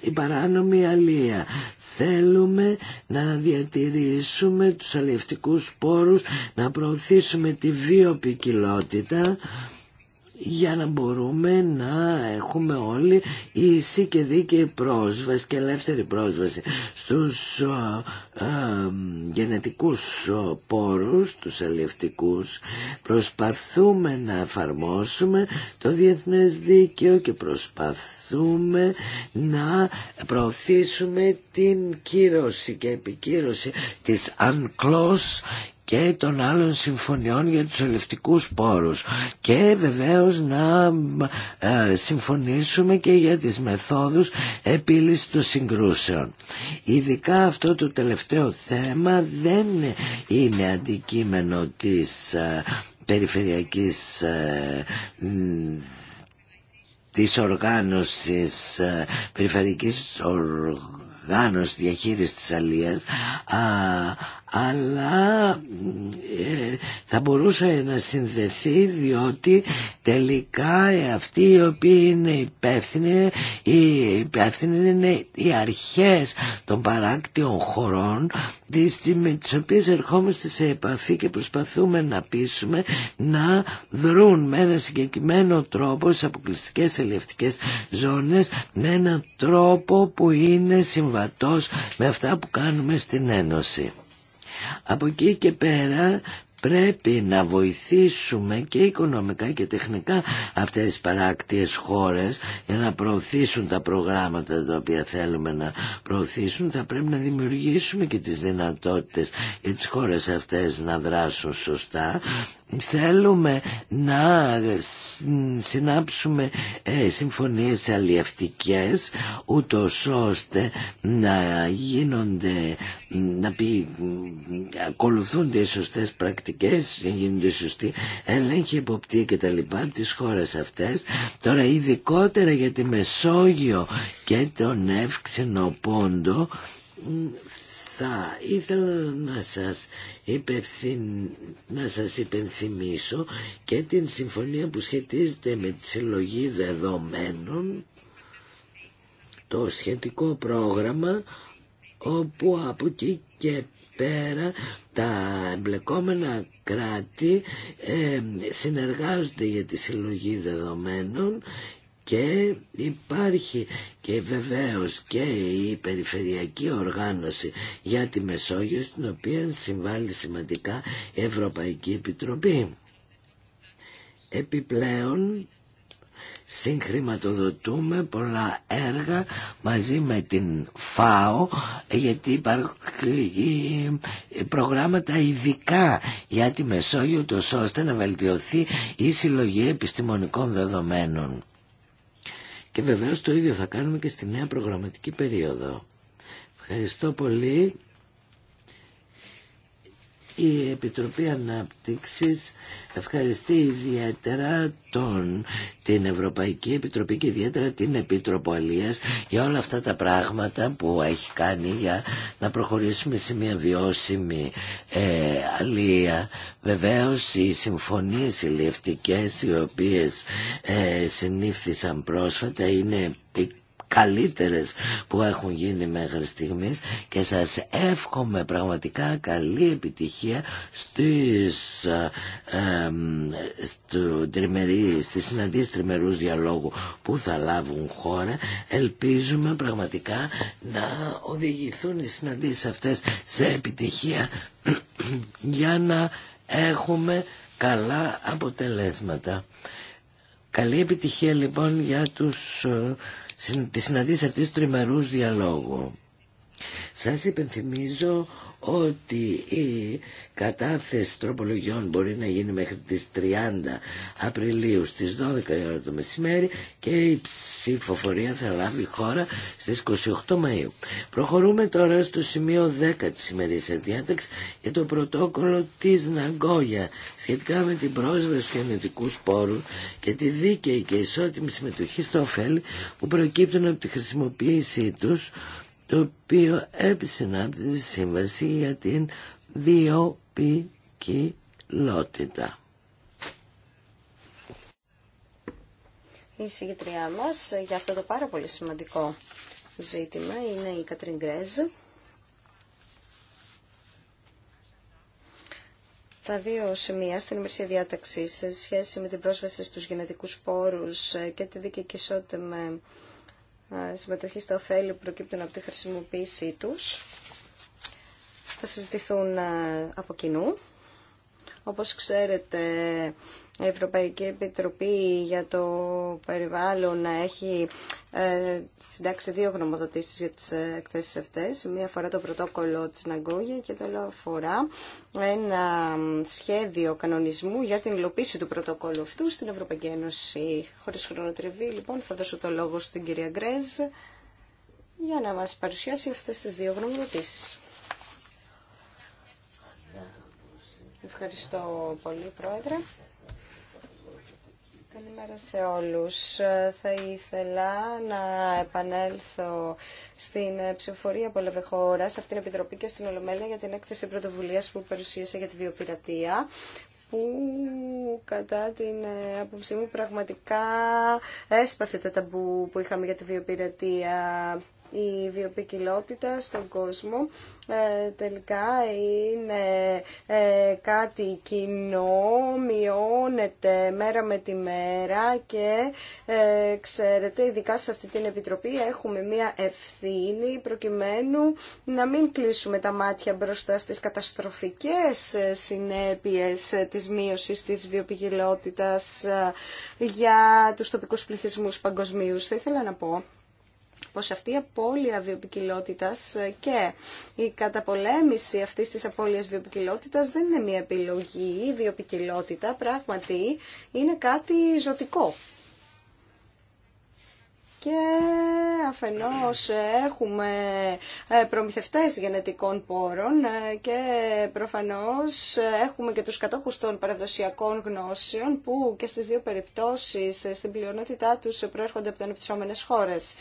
[SPEAKER 3] η παράνομη αλία θέλουμε να διατηρήσουμε τους αλληλευτικούς πόρους, να προωθήσουμε τη βιοπικιλότητα για να μπορούμε να έχουμε όλοι ίση και δίκαιη πρόσβαση και ελεύθερη πρόσβαση στους α, γενετικούς πόρους, τους αλληλευτικούς. Προσπαθούμε να εφαρμόσουμε το διεθνές δίκαιο και προσπαθούμε να προωθήσουμε την κύρωση και επικύρωση της UNCLOS και των άλλων συμφωνιών για τους ελευτικούς πόρους και βεβαίως να ε, συμφωνήσουμε και για τις μεθόδους επίλυσης των συγκρούσεων. Ειδικά αυτό το τελευταίο θέμα δεν είναι αντικείμενο της ε, περιφερειακής ε, της οργάνωσης ε, περιφερειακής οργάνωσης διαχείρισης της αλίας αλλά ε, θα μπορούσε να συνδεθεί διότι τελικά ε, αυτοί οι οποίοι είναι υπεύθυνοι, οι υπεύθυνοι είναι οι αρχές των παράκτιων χωρών με τις οποίες ερχόμαστε σε επαφή και προσπαθούμε να πείσουμε να δρουν με ένα συγκεκριμένο τρόπο σε αποκλειστικές ελευτικές ζώνες με έναν τρόπο που είναι συμβατός με αυτά που κάνουμε στην Ένωση. Από εκεί και πέρα πρέπει να βοηθήσουμε και οικονομικά και τεχνικά αυτές τις παράκτιες χώρες για να προωθήσουν τα προγράμματα τα οποία θέλουμε να προωθήσουν θα πρέπει να δημιουργήσουμε και τις δυνατότητες για τις χώρες αυτές να δράσουν σωστά θέλουμε να συνάψουμε ε, συμφωνίες αλλιευτικές ούτως ώστε να γίνονται να πει, ακολουθούνται οι σωστές πρακτικές γίνονται σωστοί έλεγχοι, εποπτεία και τα λοιπά από τις χώρες αυτές τώρα ειδικότερα για τη Μεσόγειο και τον Εύξηνο Πόντο θα ήθελα να σας, υπευθυν... να υπενθυμίσω και την συμφωνία που σχετίζεται με τη συλλογή δεδομένων το σχετικό πρόγραμμα όπου από εκεί και πέρα τα εμπλεκόμενα κράτη ε, συνεργάζονται για τη συλλογή δεδομένων και υπάρχει και βεβαίως και η περιφερειακή οργάνωση για τη Μεσόγειο στην οποία συμβάλλει σημαντικά η Ευρωπαϊκή Επιτροπή. Επιπλέον συγχρηματοδοτούμε πολλά έργα μαζί με την ΦΑΟ γιατί υπάρχουν προγράμματα ειδικά για τη Μεσόγειο τόσο ώστε να βελτιωθεί η συλλογή επιστημονικών δεδομένων. Και βεβαίως το ίδιο θα κάνουμε και στη νέα προγραμματική περίοδο. Ευχαριστώ πολύ. Η Επιτροπή Ανάπτυξης ευχαριστεί ιδιαίτερα τον, την Ευρωπαϊκή Επιτροπή και ιδιαίτερα την Επίτροπο Αλίας για όλα αυτά τα πράγματα που έχει κάνει για να προχωρήσουμε σε μια βιώσιμη ε, αλία. Βεβαίως οι συμφωνίες ηλιευτικές οι οποίες ε, συνήφθησαν πρόσφατα είναι καλύτερες που έχουν γίνει μέχρι στιγμής και σας εύχομαι πραγματικά καλή επιτυχία στις, ε, ε, συναντήσεις τριμερούς διαλόγου που θα λάβουν χώρα. Ελπίζουμε πραγματικά να οδηγηθούν οι συναντήσεις αυτές σε επιτυχία για να έχουμε καλά αποτελέσματα. Καλή επιτυχία λοιπόν για τους ε, τη συναντήσει αυτή του τριμερούς διαλόγου. Σας υπενθυμίζω ότι η κατάθεση τροπολογιών μπορεί να γίνει μέχρι τις 30 Απριλίου στις 12 η ώρα το μεσημέρι και η ψηφοφορία θα λάβει χώρα στις 28 Μαΐου. Προχωρούμε τώρα στο σημείο 10 της σημερινής διάταξης για το πρωτόκολλο της Ναγκόγια σχετικά με την πρόσβαση στους γενετικούς και τη δίκαιη και ισότιμη συμμετοχή στο ωφέλη που προκύπτουν από τη χρησιμοποίησή τους το οποίο επισυνάπτει τη σύμβαση για την βιοπικιλότητα.
[SPEAKER 2] Η συγκεκριά μας για αυτό το πάρα πολύ σημαντικό ζήτημα είναι η Κατρίν Γκρέζ. τα δύο σημεία στην ημερήσια διάταξη σε σχέση με την πρόσβαση στους γενετικούς πόρους και τη δίκαιη με ε, συμμετοχή στα ωφέλη που προκύπτουν από τη χρησιμοποίησή τους θα συζητηθούν ε, από κοινού. Όπως ξέρετε, η Ευρωπαϊκή Επιτροπή για το Περιβάλλον έχει ε, συντάξει δύο γνωμοδοτήσεις για τις ε, εκθέσεις αυτές. μία αφορά το πρωτόκολλο της Ναγκόγια και το άλλο αφορά ένα σχέδιο κανονισμού για την υλοποίηση του πρωτόκολλου αυτού στην Ευρωπαϊκή Ένωση. Χωρίς χρονοτριβή, λοιπόν, θα δώσω το λόγο στην κυρία Γκρέζ για να μας παρουσιάσει αυτές τις δύο γνωμοδοτήσεις. Ευχαριστώ πολύ, Πρόεδρε. Καλημέρα σε όλους. Θα ήθελα να επανέλθω στην ψηφοφορία που έλαβε χώρα σε αυτήν την Επιτροπή και στην Ολομέλεια για την έκθεση πρωτοβουλίας που παρουσίασε για τη βιοπειρατεία που κατά την ε, άποψή μου πραγματικά έσπασε τα ταμπού που είχαμε για τη βιοπειρατεία η βιοπικιλότητα στον κόσμο ε, τελικά είναι ε, κάτι κοινό, μειώνεται μέρα με τη μέρα και ε, ξέρετε, ειδικά σε αυτή την Επιτροπή έχουμε μία ευθύνη προκειμένου να μην κλείσουμε τα μάτια μπροστά στις καταστροφικές συνέπειες της μείωσης της βιοπικιλότητας για τους τοπικούς πληθυσμούς παγκοσμίους. Θα ήθελα να πω πως αυτή η απώλεια βιοποικιλότητας και η καταπολέμηση αυτής της απώλειας βιοποικιλότητας δεν είναι μια επιλογή. Η βιοποικιλότητα πράγματι είναι κάτι ζωτικό. Και αφενός έχουμε ε, προμηθευτές γενετικών πόρων ε, και προφανώς έχουμε και τους κατόχους των παραδοσιακών γνώσεων που και στις δύο περιπτώσεις ε, στην πλειονότητά τους προέρχονται από τα ανεπτυσσόμενες χώρες.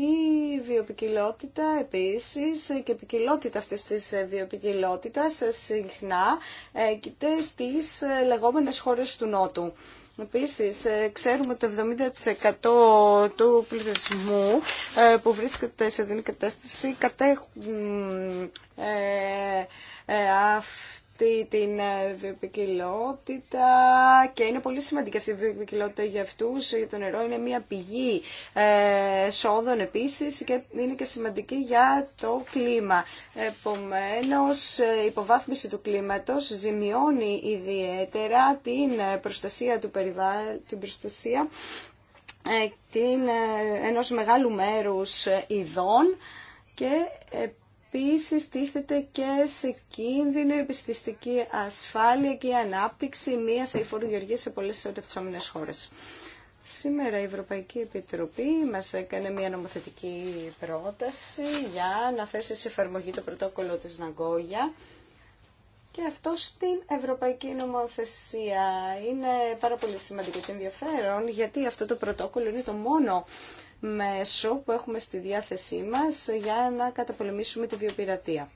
[SPEAKER 2] Η βιοπικιλότητα επίσης και η ποικιλότητα αυτής της ε, βιοπικιλότητας ε, συχνά ε, κοιτάει στις λεγόμενες χώρες του Νότου. Επίσης, ξέρουμε το 70% του πληθυσμού που βρίσκεται σε δίνη κατάσταση κατέχουν ε, την ε, βιοπικιλότητα και είναι πολύ σημαντική αυτή η βιοπικιλότητα για αυτούς. Ε, το νερό είναι μια πηγή ε, εσόδων επίσης και είναι και σημαντική για το κλίμα. Επομένως, η υποβάθμιση του κλίματος ζημιώνει ιδιαίτερα την προστασία του περιβάλλοντος, την προστασία την, ενός μεγάλου μέρους ειδών και Επίση, τίθεται και σε κίνδυνο η επιστηστική ασφάλεια και η ανάπτυξη μιας αηφόρου γεωργίας σε πολλές ερωτευσόμενες χώρες. Σήμερα η Ευρωπαϊκή Επιτροπή μας έκανε μια νομοθετική πρόταση για να θέσει σε εφαρμογή το πρωτόκολλο της Ναγκόγια και αυτό στην Ευρωπαϊκή Νομοθεσία. Είναι πάρα πολύ σημαντικό και ενδιαφέρον γιατί αυτό το πρωτόκολλο είναι το μόνο μέσο που έχουμε στη διάθεσή μας για να καταπολεμήσουμε τη βιοπειρατεία.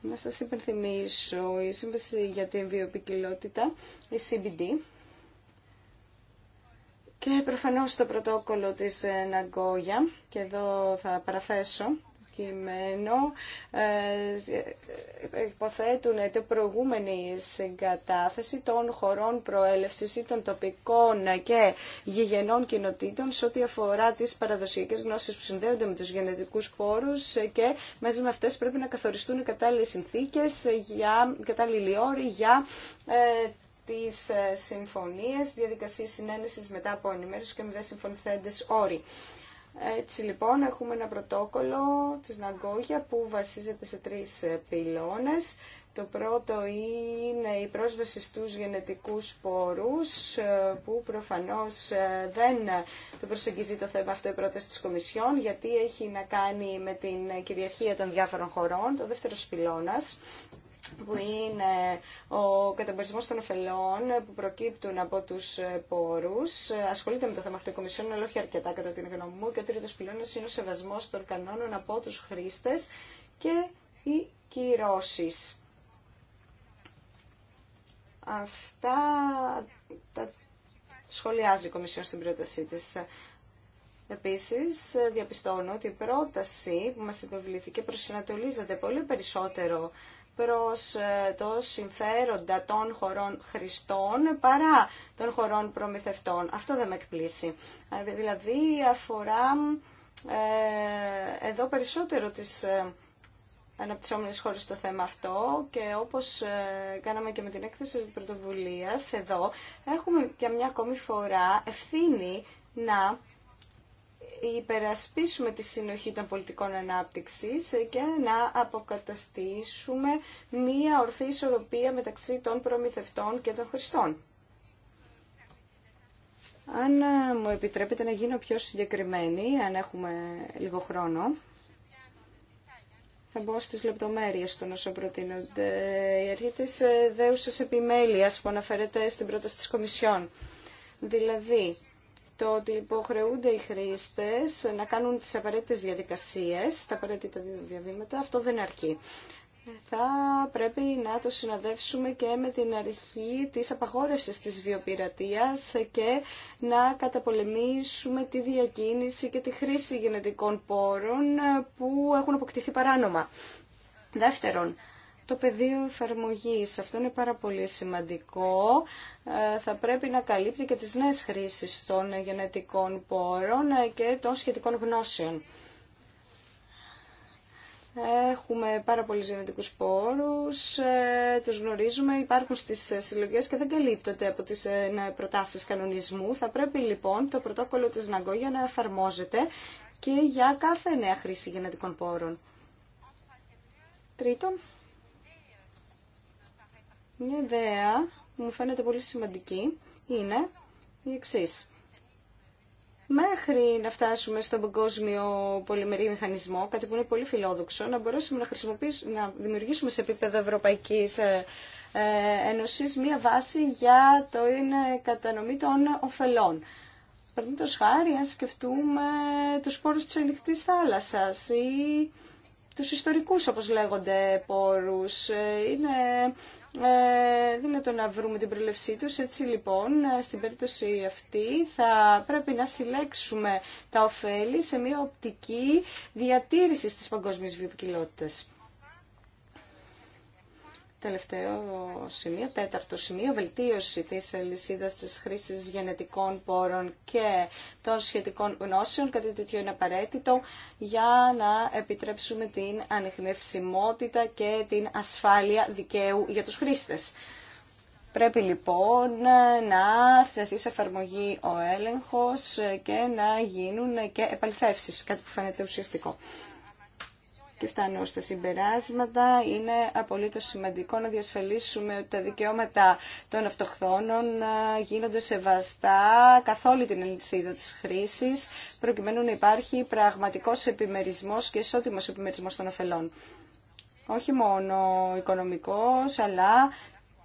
[SPEAKER 2] Να σας υπενθυμίσω, η Σύμβαση για την Βιοπικιλότητα, η CBD, και προφανώς το πρωτόκολλο της Ναγκόγια, και εδώ θα παραθέσω κείμενο ε, υποθέτουν την προηγούμενη συγκατάθεση των χωρών προέλευσης ή των τοπικών και γηγενών κοινοτήτων σε ό,τι αφορά τις παραδοσιακές γνώσεις που συνδέονται με τους γενετικούς πόρους και μέσα με αυτές πρέπει να καθοριστούν οι κατάλληλες συνθήκες, για, κατάλληλοι όροι για ε, τις ε, συμφωνίες, διαδικασίες συνένεσης μετά από ενημέρωση και μηδέν συμφωνηθέντες όροι. Έτσι λοιπόν έχουμε ένα πρωτόκολλο της Ναγκόγια που βασίζεται σε τρεις ε, πυλώνες. Το πρώτο είναι η πρόσβαση στους γενετικούς πόρους ε, που προφανώς ε, δεν το προσεγγίζει το θέμα αυτό η πρόταση της Κομισιόν γιατί έχει να κάνει με την κυριαρχία των διάφορων χωρών. Το δεύτερο πυλώνας που είναι ο καταμπορισμός των ωφελών που προκύπτουν από τους ε, πόρους. Ασχολείται με το θέμα αυτό η Κομισιόν, αλλά όχι αρκετά κατά την γνώμη μου. Και ο τρίτος πυλώνας είναι ο σεβασμός των κανόνων από τους χρήστες και οι κυρώσεις. Αυτά τα σχολιάζει η Κομισιόν στην πρότασή της. Επίσης, διαπιστώνω ότι η πρόταση που μας υποβληθήκε προσανατολίζεται πολύ περισσότερο προς ε, το συμφέροντα των χωρών χρηστών παρά των χωρών προμηθευτών. Αυτό δεν με εκπλήσει. Ε, δηλαδή αφορά ε, εδώ περισσότερο τις αναπτυσσόμενες χώρες το θέμα αυτό και όπως κάναμε και με την έκθεση πρωτοβουλίας εδώ έχουμε για μια ακόμη φορά ευθύνη να υπερασπίσουμε τη συνοχή των πολιτικών ανάπτυξης και να αποκαταστήσουμε μία ορθή ισορροπία μεταξύ των προμηθευτών και των χρηστών. Αν ε, μου επιτρέπετε να γίνω πιο συγκεκριμένη, αν έχουμε λίγο χρόνο, θα μπω στις λεπτομέρειες των όσων προτείνονται. Η αρχή της ε, δέουσας επιμέλειας που αναφέρεται στην πρόταση της Κομισιόν. Δηλαδή, το ότι υποχρεούνται οι χρήστες να κάνουν τις απαραίτητες διαδικασίες, τα απαραίτητα διαβήματα, αυτό δεν αρκεί. Θα πρέπει να το συναδεύσουμε και με την αρχή της απαγόρευσης της βιοπειρατείας και να καταπολεμήσουμε τη διακίνηση και τη χρήση γενετικών πόρων που έχουν αποκτηθεί παράνομα. Δεύτερον, το πεδίο εφαρμογή. Αυτό είναι πάρα πολύ σημαντικό. Ε, θα πρέπει να καλύπτει και τις νέες χρήσεις των γενετικών πόρων ε, και των σχετικών γνώσεων. Έχουμε πάρα πολλού γενετικού πόρου, ε, του γνωρίζουμε, υπάρχουν στι συλλογέ και δεν καλύπτονται από τι προτάσει κανονισμού. Θα πρέπει λοιπόν το πρωτόκολλο τη Ναγκόγια να εφαρμόζεται και για κάθε νέα χρήση γενετικών πόρων. Τρίτον, μια ιδέα που μου φαίνεται πολύ σημαντική είναι η εξή. Μέχρι να φτάσουμε στον παγκόσμιο πολυμερή μηχανισμό, κάτι που είναι πολύ φιλόδοξο, να μπορέσουμε να, χρησιμοποιήσουμε, να δημιουργήσουμε σε επίπεδο Ευρωπαϊκής ε, ε, Ένωσης μία βάση για το είναι κατανομή των ωφελών. Παραδείγματο χάρη, αν σκεφτούμε τους πόρους της ανοιχτή θάλασσας ή τους ιστορικούς, όπως λέγονται, πόρους. Ε, είναι ε, δυνατόν να βρούμε την προλευσή τους. Έτσι λοιπόν, ε, στην περίπτωση αυτή θα πρέπει να συλλέξουμε τα ωφέλη σε μια οπτική διατήρηση της παγκόσμιας βιοποικιλότητας. Τελευταίο σημείο, τέταρτο σημείο, βελτίωση της αλυσίδα της χρήσης γενετικών πόρων και των σχετικών γνώσεων. Κάτι τέτοιο είναι απαραίτητο για να επιτρέψουμε την ανεχνευσιμότητα και την ασφάλεια δικαίου για τους χρήστες. Πρέπει λοιπόν να θεθεί σε εφαρμογή ο έλεγχος και να γίνουν και επαληθεύσεις, κάτι που φαίνεται ουσιαστικό και φτάνω στα συμπεράσματα. Είναι απολύτως σημαντικό να διασφαλίσουμε ότι τα δικαιώματα των αυτοχθόνων ε, γίνονται σεβαστά καθ' όλη την ελισίδα της χρήσης, προκειμένου να υπάρχει πραγματικός επιμερισμός και ισότιμος επιμερισμός των ωφελών. Όχι μόνο οικονομικός, αλλά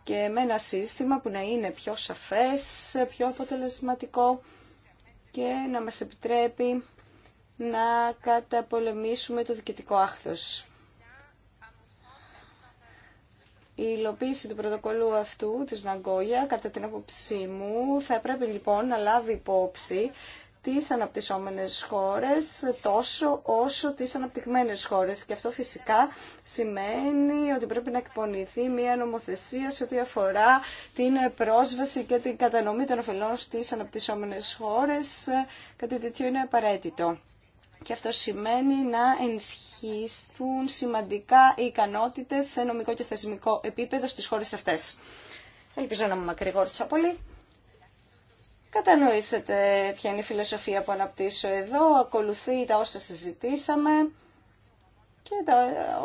[SPEAKER 2] και με ένα σύστημα που να είναι πιο σαφές, πιο αποτελεσματικό και να μας επιτρέπει να καταπολεμήσουμε το διοικητικό άχθος. Η υλοποίηση του πρωτοκολλού αυτού της Ναγκόγια, κατά την άποψή μου, θα πρέπει λοιπόν να λάβει υπόψη τις αναπτυσσόμενες χώρες τόσο όσο τις αναπτυγμένες χώρες. Και αυτό φυσικά σημαίνει ότι πρέπει να εκπονηθεί μια νομοθεσία σε ό,τι αφορά την πρόσβαση και την κατανομή των ωφελών στις αναπτυσσόμενες χώρες. Κάτι τέτοιο είναι απαραίτητο. Και αυτό σημαίνει να ενισχύσουν σημαντικά οι ικανότητες σε νομικό και θεσμικό επίπεδο στις χώρες αυτές. Ελπίζω να μου μακρηγόρησα πολύ. Κατανοήσετε ποια είναι η φιλοσοφία που αναπτύσσω εδώ. Ακολουθεί τα όσα συζητήσαμε και τα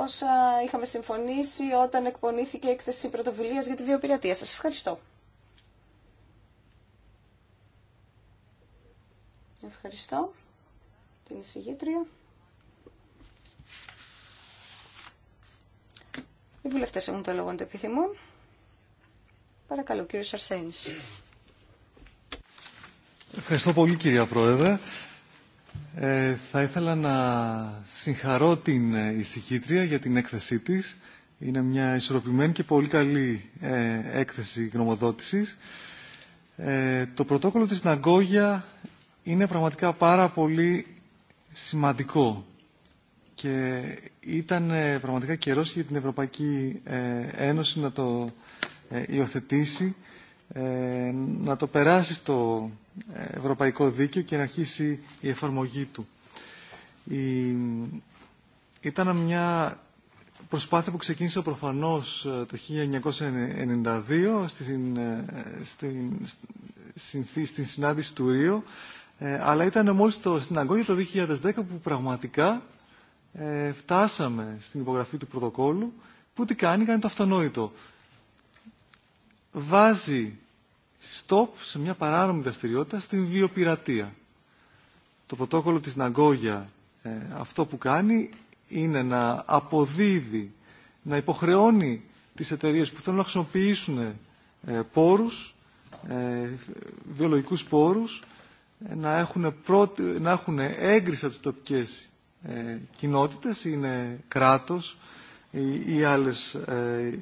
[SPEAKER 2] όσα είχαμε συμφωνήσει όταν εκπονήθηκε η έκθεση πρωτοβουλίας για τη βιοπειρατεία. Σας ευχαριστώ. Ευχαριστώ την εισηγήτρια. Οι βουλευτές το λόγο το επιθυμούν. Παρακαλώ, κύριο Αρσένης.
[SPEAKER 5] Ευχαριστώ πολύ, κυρία Πρόεδρε. Ε, θα ήθελα να συγχαρώ την ε, εισηγήτρια για την έκθεσή της. Είναι μια ισορροπημένη και πολύ καλή ε, έκθεση γνωμοδότησης. Ε, το πρωτόκολλο της Ναγκόγια είναι πραγματικά πάρα πολύ σημαντικό και ήταν ε, πραγματικά καιρός για την Ευρωπαϊκή ε, Ένωση να το ε, υιοθετήσει, να το περάσει στο Ευρωπαϊκό Δίκαιο και να αρχίσει η εφαρμογή του. Ήταν μια προσπάθεια που ξεκίνησε προφανώς το 1992 στην, στην, στην συνάντηση του Ρίο ε, αλλά ήταν μόλις το, στην Αγκόγια το 2010 που πραγματικά ε, φτάσαμε στην υπογραφή του πρωτοκόλου που τι κάνει, κάνει το αυτονόητο. Βάζει stop σε μια παράνομη δραστηριότητα στην βιοπειρατεία. Το πρωτόκολλο της Ναγκόγια ε, αυτό που κάνει είναι να αποδίδει, να υποχρεώνει τις εταιρείες που θέλουν να χρησιμοποιήσουν ε, πόρους, βιολογικούς πόρους, να έχουν, πρώτη, να έχουν έγκριση από τις τοπικές ε, κοινότητες, είναι κράτος ή, ή άλλες, ε,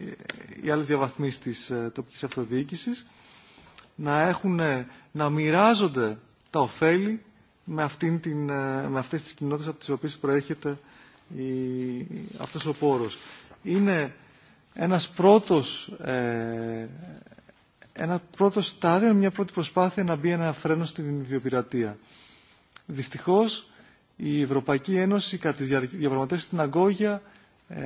[SPEAKER 5] ή άλλες διαβαθμίσεις ε, τοπικής αυτοδιοίκησης, να, έχουν, ε, να μοιράζονται τα ωφέλη με, αυτήν την, ε, με αυτές τις κοινότητες από τις οποίες προέρχεται η, αυτός ο πόρος. Είναι ένας πρώτος, ε, ένα πρώτο στάδιο, μια πρώτη προσπάθεια να μπει ένα φρένο στην βιοπειρατεία. Δυστυχώς, η Ευρωπαϊκή Ένωση κατά τη διαπραγματεύση στην Αγκόγια ε,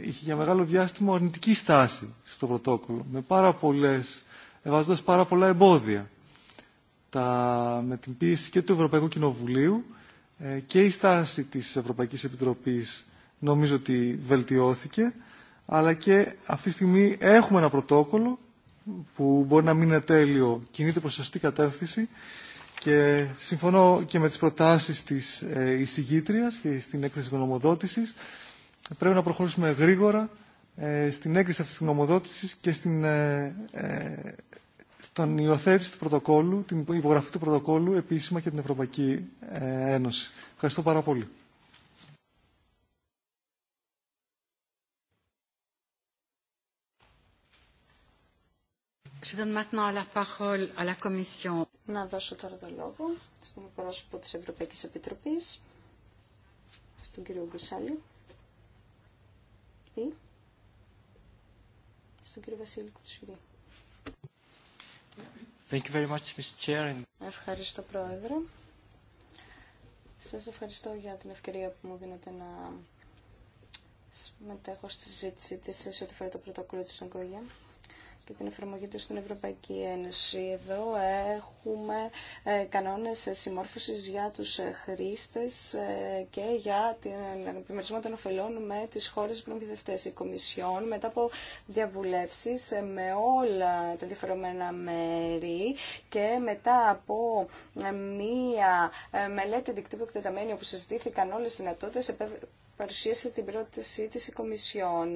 [SPEAKER 5] είχε για μεγάλο διάστημα αρνητική στάση στο πρωτόκολλο, με πάρα βάζοντας πάρα πολλά εμπόδια. Τα, με την πίεση και του Ευρωπαϊκού Κοινοβουλίου ε, και η στάση της Ευρωπαϊκής Επιτροπής νομίζω ότι βελτιώθηκε, αλλά και αυτή τη στιγμή έχουμε ένα πρωτόκολλο που μπορεί να μην είναι τέλειο κινείται προς σωστή κατεύθυνση και συμφωνώ και με τις προτάσεις της ε, εισηγήτριας και στην έκθεση γνωμοδότησης. Πρέπει να προχωρήσουμε γρήγορα ε, στην έκθεση αυτής της γνωμοδότησης και στην, ε, υιοθέτηση του πρωτοκόλλου την υπογραφή του πρωτοκόλου επίσημα και την Ευρωπαϊκή Ένωση. Ευχαριστώ πάρα πολύ.
[SPEAKER 2] Να δώσω τώρα το λόγο στον πρόσωπο της Ευρωπαϊκής Επιτροπής, στον κύριο Γκουσάλη ή στον κύριο Βασίλη Κουτσουρή.
[SPEAKER 5] Thank you very much, Mr. Chair.
[SPEAKER 2] Ευχαριστώ, Πρόεδρε. Σας ευχαριστώ για την ευκαιρία που μου δίνετε να συμμετέχω στη συζήτηση της σε ό,τι φορά το πρωτόκολλο της Ναγκόγια και την εφαρμογή του στην Ευρωπαϊκή Ένωση. Εδώ έχουμε ε, κανόνες συμμόρφωσης για τους ε, χρήστες ε, και για την επιμερισμό των ωφελών με τις χώρες προμηθευτές. Η Κομισιόν μετά από διαβουλεύσεις με όλα τα διαφορεμένα μέρη και μετά από μία μελέτη δικτύπου εκτεταμένη όπου συζητήθηκαν όλες τις δυνατότητες παρουσίασε την πρότασή της η Κομισιόν.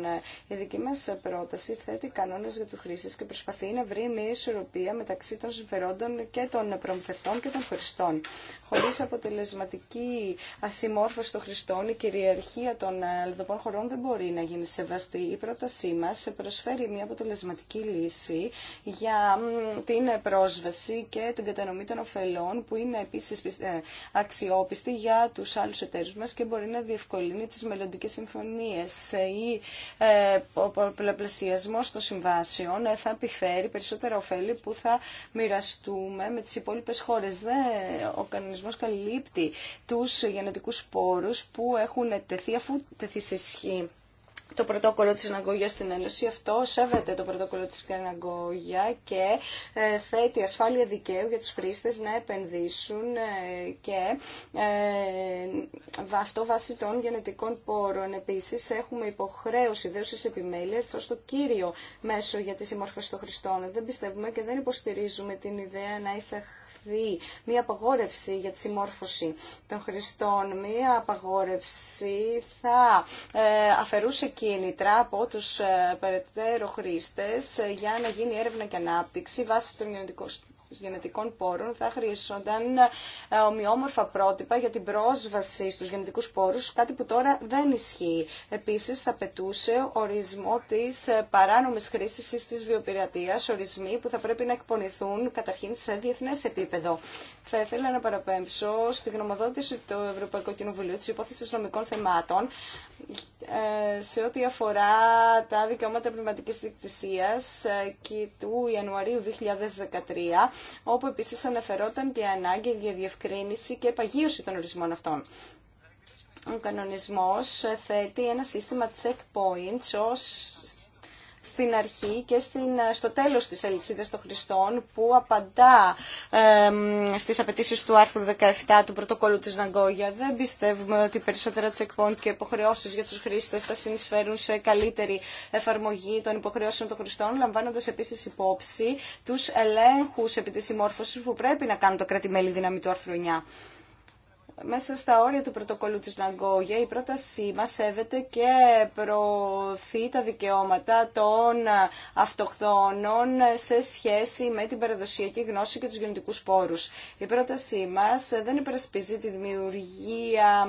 [SPEAKER 2] Η δική μας πρόταση θέτει κανόνες για του χρήστες και προσπαθεί να βρει μια ισορροπία μεταξύ των συμφερόντων και των προμηθευτών και των χρηστών. Χωρίς αποτελεσματική ασυμόρφωση των χρηστών, η κυριαρχία των αλδοπών χωρών δεν μπορεί να γίνει σεβαστή. Η πρότασή μας προσφέρει μια αποτελεσματική λύση για την πρόσβαση και την κατανομή των ωφελών που είναι επίσης ε, αξιόπιστη για τους άλλους εταίρους μα και μπορεί να διευκολύνει τις μελλοντικές συμφωνίες ε, ή ε, ο πολλαπλασιασμό των συμβάσεων ε, θα επιφέρει περισσότερα ωφέλη που θα μοιραστούμε με τις υπόλοιπες χώρες. ο κανονισμός καλύπτει τους γενετικούς σπόρους που έχουν τεθεί αφού τεθεί σε ισχύ το πρωτόκολλο της Ναγκόγια στην Ένωση. Αυτό σέβεται το πρωτόκολλο της Ναγκόγια και ε, θέτει ασφάλεια δικαίου για τους χρήστες να επενδύσουν ε, και ε, αυτό βάσει των γενετικών πόρων. Επίσης έχουμε υποχρέωση δέωσης επιμέλειας ως το κύριο μέσο για τη συμμόρφωση των χρηστών. Δεν πιστεύουμε και δεν υποστηρίζουμε την ιδέα να είσαι μια απαγόρευση για τη συμμόρφωση των χρηστών. Μια απαγόρευση θα ε, αφαιρούσε κίνητρα από τους ε, περαιτέρω χρήστες ε, για να γίνει έρευνα και ανάπτυξη βάσει των γενετικών πόρων θα χρήσονταν ε, ομοιόμορφα πρότυπα για την πρόσβαση στους γενετικούς πόρους, κάτι που τώρα δεν ισχύει. Επίσης θα πετούσε ορισμό της ε, παράνομης χρήσης ή της ορισμοί που θα πρέπει να εκπονηθούν καταρχήν σε διεθνές επίπεδο. Θα ήθελα να παραπέμψω στη γνωμοδότηση του Ευρωπαϊκού Κοινοβουλίου της υπόθεσης νομικών θεμάτων, ε, σε ό,τι αφορά τα δικαιώματα πνευματικής δικτυσίας ε, και του Ιανουαρίου 2013, όπου επίσης αναφερόταν και ανάγκη για διευκρίνηση και επαγίωση των ορισμών αυτών. Ο κανονισμός θέτει ένα σύστημα checkpoints ως στην αρχή και στην, ε, στο τέλος της αλυσίδας των χρηστών που απαντά ε, στις απαιτήσει του άρθρου 17 του πρωτοκόλλου της Ναγκόγια. Δεν πιστεύουμε ότι περισσότερα checkpoint και υποχρεώσει για τους χρήστες θα συνεισφέρουν σε καλύτερη εφαρμογή των υποχρεώσεων των χρηστών, λαμβάνοντας επίσης υπόψη τους ελέγχους επί της που πρέπει να κάνουν το κράτη-μέλη δύναμη του άρθρου 9 μέσα στα όρια του πρωτοκολλού της Ναγκόγια η πρότασή μας σέβεται και προωθεί τα δικαιώματα των αυτοχθόνων σε σχέση με την παραδοσιακή γνώση και τους γενετικούς πόρους. Η πρότασή μας δεν υπερασπίζει τη δημιουργία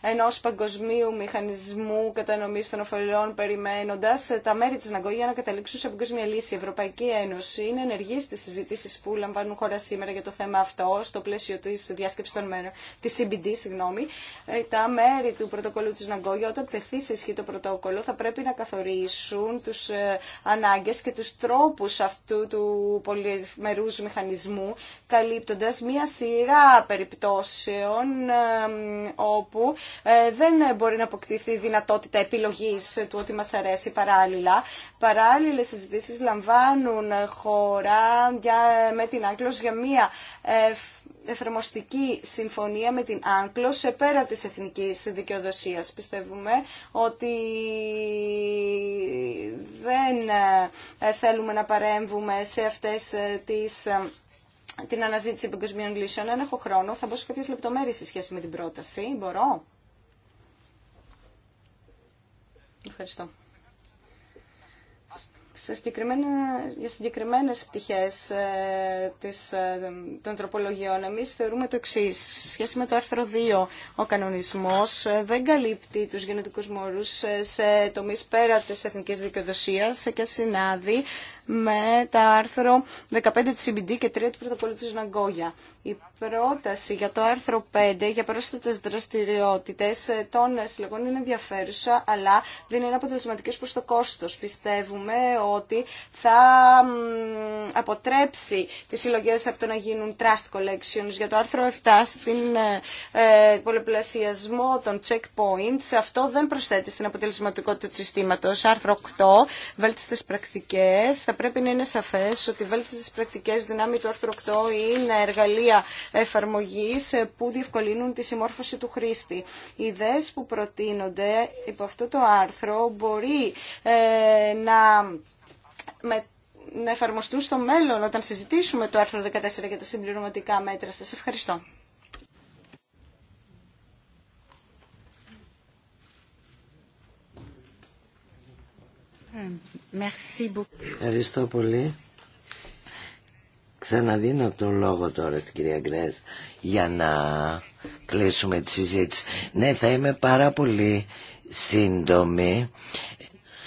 [SPEAKER 2] ενός παγκοσμίου μηχανισμού κατανομής των ωφελών περιμένοντας τα μέρη της Ναγκόγια να καταλήξουν σε παγκοσμία λύση. Η Ευρωπαϊκή Ένωση είναι ενεργή στις συζητήσεις που λαμβάνουν χώρα σήμερα για το θέμα αυτό στο πλαίσιο της διάσκεψης των μέρων τη CBD, συγγνώμη, ε, τα μέρη του πρωτοκολλού της Ναγκόγια όταν τεθεί σε ισχύ το πρωτόκολλο θα πρέπει να καθορίσουν τους ε, ανάγκες και τους τρόπους αυτού του πολυμερούς μηχανισμού καλύπτοντας μία σειρά περιπτώσεων ε, όπου δεν μπορεί να αποκτηθεί δυνατότητα επιλογής του ότι μας αρέσει παράλληλα. Παράλληλες συζητήσεις λαμβάνουν χώρα για, με την Άγγλος για μία εφαρμοστική συμφωνία με την Άγκλο σε πέρα της εθνικής δικαιοδοσίας. Πιστεύουμε ότι δεν ε, ε, θέλουμε να παρέμβουμε σε αυτές ε, τις την αναζήτηση επικοσμίων λύσεων. Αν έχω χρόνο, θα μπω σε κάποιες λεπτομέρειες σε σχέση με την πρόταση. Μπορώ. Ευχαριστώ σε για συγκεκριμένες πτυχές ε, της, ε, των τροπολογιών. Εμείς θεωρούμε το εξή. Σχέση με το άρθρο 2, ο κανονισμός ε, δεν καλύπτει τους γενετικούς μόρους σε τομείς πέρα της εθνικής δικαιοδοσίας και συνάδει με τα άρθρο 15 της CBD και 3 του πρωτοκόλλου της Ναγκόγια. Η πρόταση για το άρθρο 5 για πρόσθετες δραστηριότητες ε, των συλλογών είναι ενδιαφέρουσα, αλλά δεν είναι αποτελεσματικές προς το κόστος. Πιστεύουμε ότι θα αποτρέψει τις συλλογές από το να γίνουν trust collections. Για το άρθρο 7 στην ε, ε, πολυπλασιασμό των checkpoints, αυτό δεν προσθέτει στην αποτελεσματικότητα του συστήματος. Άρθρο 8, βέλτιστες πρακτικές, θα πρέπει να είναι σαφές ότι οι τις πρακτικές δυνάμει του άρθρου 8 είναι εργαλεία εφαρμογής ε, που διευκολύνουν τη συμμόρφωση του χρήστη. Οι ιδέες που προτείνονται υπό αυτό το άρθρο μπορεί ε, να... να εφαρμοστούν στο μέλλον όταν συζητήσουμε το άρθρο 14 για τα συμπληρωματικά μέτρα. Σας ευχαριστώ.
[SPEAKER 1] Ε,
[SPEAKER 3] Ευχαριστώ πολύ. Ξαναδίνω το λόγο τώρα στην κυρία Γκρέζ για να κλείσουμε τη συζήτηση. Ναι, θα είμαι πάρα πολύ σύντομη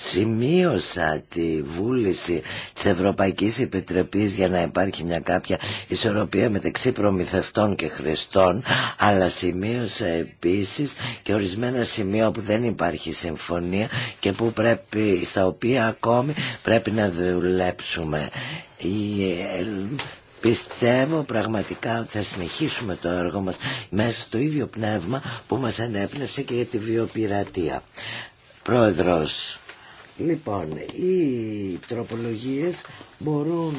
[SPEAKER 3] σημείωσα τη βούληση της Ευρωπαϊκής Επιτροπής για να υπάρχει μια κάποια ισορροπία μεταξύ προμηθευτών και χρηστών αλλά σημείωσα επίσης και ορισμένα σημεία όπου δεν υπάρχει συμφωνία και που πρέπει, στα οποία ακόμη πρέπει να δουλέψουμε. Ε, πιστεύω πραγματικά ότι θα συνεχίσουμε το έργο μας μέσα στο ίδιο πνεύμα που μας ανέπνευσε και για τη βιοπειρατεία. Πρόεδρος, Λοιπόν, οι τροπολογίες μπορούν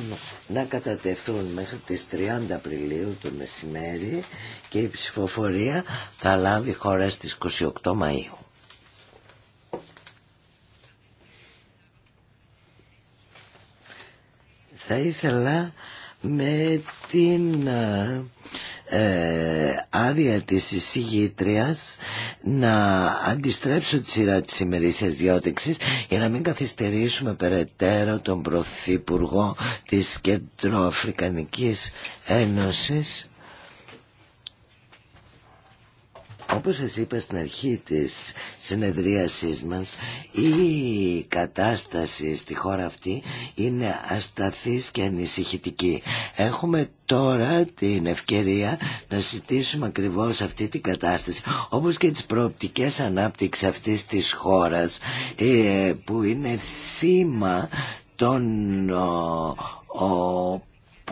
[SPEAKER 3] να κατατεθούν μέχρι τις 30 Απριλίου το μεσημέρι και η ψηφοφορία θα λάβει χώρα στις 28 Μαΐου. Θα ήθελα με την ε, ε, άδεια της εισηγήτριας να αντιστρέψω τη σειρά της ημερήσιας διώτηξης για να μην καθυστερήσουμε περαιτέρω τον Πρωθυπουργό της Κεντροαφρικανικής Ένωσης Όπως σας είπα στην αρχή της συνεδρίασής μας, η κατάσταση στη χώρα αυτή είναι ασταθής και ανησυχητική. Έχουμε τώρα την ευκαιρία να συζητήσουμε ακριβώς αυτή την κατάσταση, όπως και τις προοπτικές ανάπτυξης αυτής της χώρας, ε, που είναι θύμα των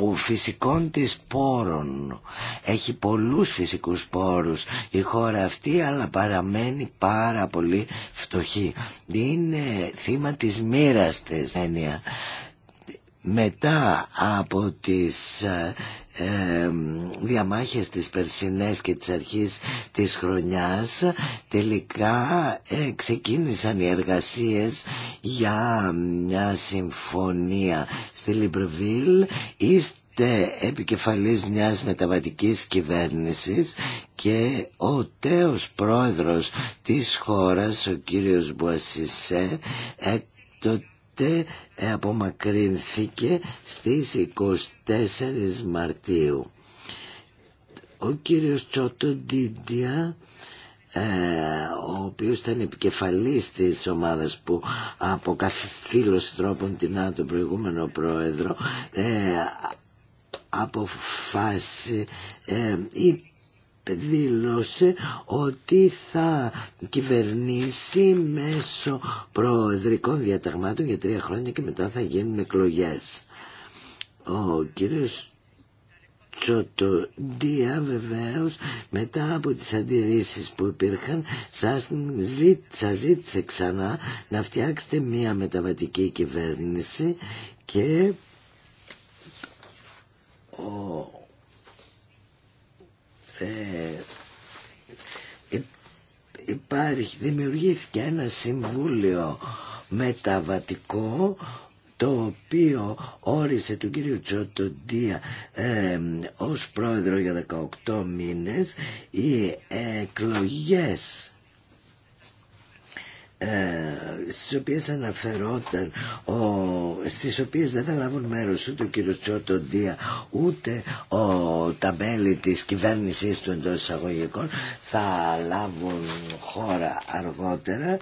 [SPEAKER 3] που φυσικών της πόρων έχει πολλούς φυσικούς πόρους η χώρα αυτή αλλά παραμένει πάρα πολύ φτωχή είναι θύμα της μοίρας της έννοια μετά από τις ε, ε, διαμάχες της Περσινές και της αρχής της χρονιάς τελικά ε, ξεκίνησαν οι εργασίες για μια συμφωνία στη Λιμπρβιλ είστε επικεφαλής μιας μεταβατικής κυβέρνησης και ο τέος πρόεδρος της χώρας ο κύριος Μπουασισέ ε, το τότε απομακρύνθηκε στις 24 Μαρτίου. Ο κύριος Τσότο Ντίντια ε, ο οποίος ήταν επικεφαλής της ομάδας που από καθήλωση τρόπων την προηγούμενο πρόεδρο ε, αποφάσισε ε, δήλωσε ότι θα κυβερνήσει μέσω προεδρικών διαταγμάτων για τρία χρόνια και μετά θα γίνουν εκλογές. Ο κύριος Τσοτοντία βεβαίω μετά από τις αντιρρήσεις που υπήρχαν σας, σας ζήτησε ξανά να φτιάξετε μια μεταβατική κυβέρνηση και ο, ε, ε, υπάρχει, δημιουργήθηκε ένα συμβούλιο μεταβατικό το οποίο όρισε τον κύριο Τσοτοντία ε, ως πρόεδρο για 18 μήνες οι εκλογές ε, στις οποίες αναφερόταν ο, στις οποίες δεν θα λάβουν μέρος ούτε ο κύριος Τσότο Ντία ούτε ο, τα μέλη της κυβέρνησής του εντός εισαγωγικών θα λάβουν χώρα αργότερα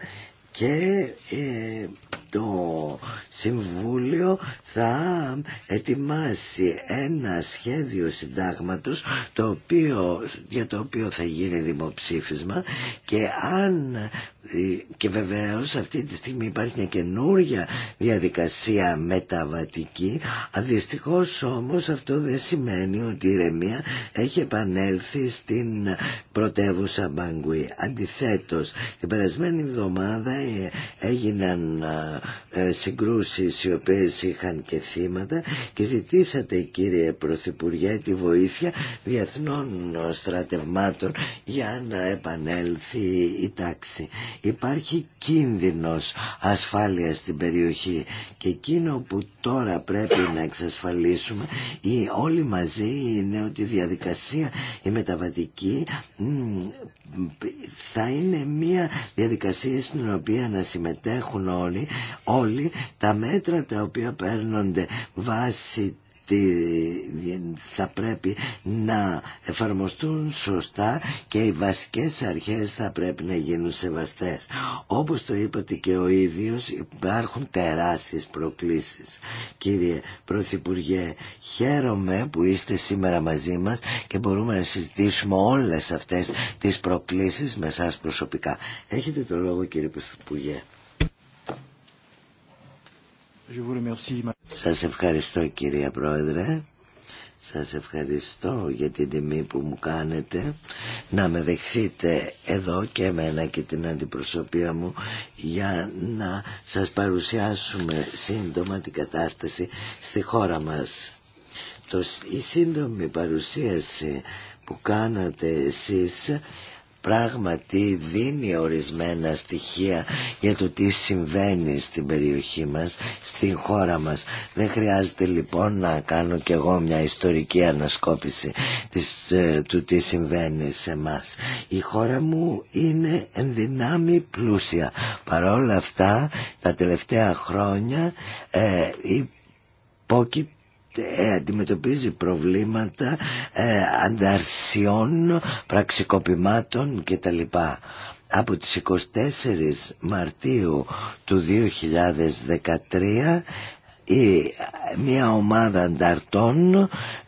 [SPEAKER 3] και ε, το Συμβούλιο θα ετοιμάσει ένα σχέδιο συντάγματος το οποίο, για το οποίο θα γίνει δημοψήφισμα και αν ε, και βεβαίως αυτή τη στιγμή υπάρχει μια καινούργια διαδικασία μεταβατική αδυστυχώς όμως αυτό δεν σημαίνει ότι η Ρεμία έχει επανέλθει στην πρωτεύουσα Μπαγκουή αντιθέτως την περασμένη εβδομάδα ε, έγιναν ε, συγκρούσεις οι οποίες είχαν και θύματα και ζητήσατε κύριε Πρωθυπουργέ τη βοήθεια διεθνών στρατευμάτων για να επανέλθει η τάξη Υπάρχει κίνδυνος ασφάλειας στην περιοχή και εκείνο που τώρα πρέπει να εξασφαλίσουμε ή όλοι μαζί είναι ότι η διαδικασία η μεταβατική θα είναι μια διαδικασία στην οποία να συμμετέχουν όλοι, όλοι τα μέτρα τα οποία παίρνονται βάσει θα πρέπει να εφαρμοστούν σωστά και οι βασικές αρχές θα πρέπει να γίνουν σεβαστές. Όπως το είπατε και ο ίδιος υπάρχουν τεράστιες προκλήσεις. Κύριε Πρωθυπουργέ, χαίρομαι που είστε σήμερα μαζί μας και μπορούμε να συζητήσουμε όλες αυτές τις προκλήσεις με εσάς προσωπικά. Έχετε το λόγο κύριε Πρωθυπουργέ. Σας ευχαριστώ κυρία Πρόεδρε. Σας ευχαριστώ για την τιμή που μου κάνετε να με δεχθείτε εδώ και εμένα και την αντιπροσωπεία μου για να σας παρουσιάσουμε σύντομα την κατάσταση στη χώρα μας. Το, η σύντομη παρουσίαση που κάνατε εσείς πράγματι δίνει ορισμένα στοιχεία για το τι συμβαίνει στην περιοχή μας, στην χώρα μας. Δεν χρειάζεται λοιπόν να κάνω κι εγώ μια ιστορική ανασκόπηση ε, του τι συμβαίνει σε μας. Η χώρα μου είναι ενδυνάμει πλούσια. Παρόλα αυτά τα τελευταία χρόνια ε, υπόκειται ε, αντιμετωπίζει προβλήματα ε, ανταρσιών, πραξικοπημάτων κτλ. Από τις 24 Μαρτίου του 2013 μια ομάδα ανταρτών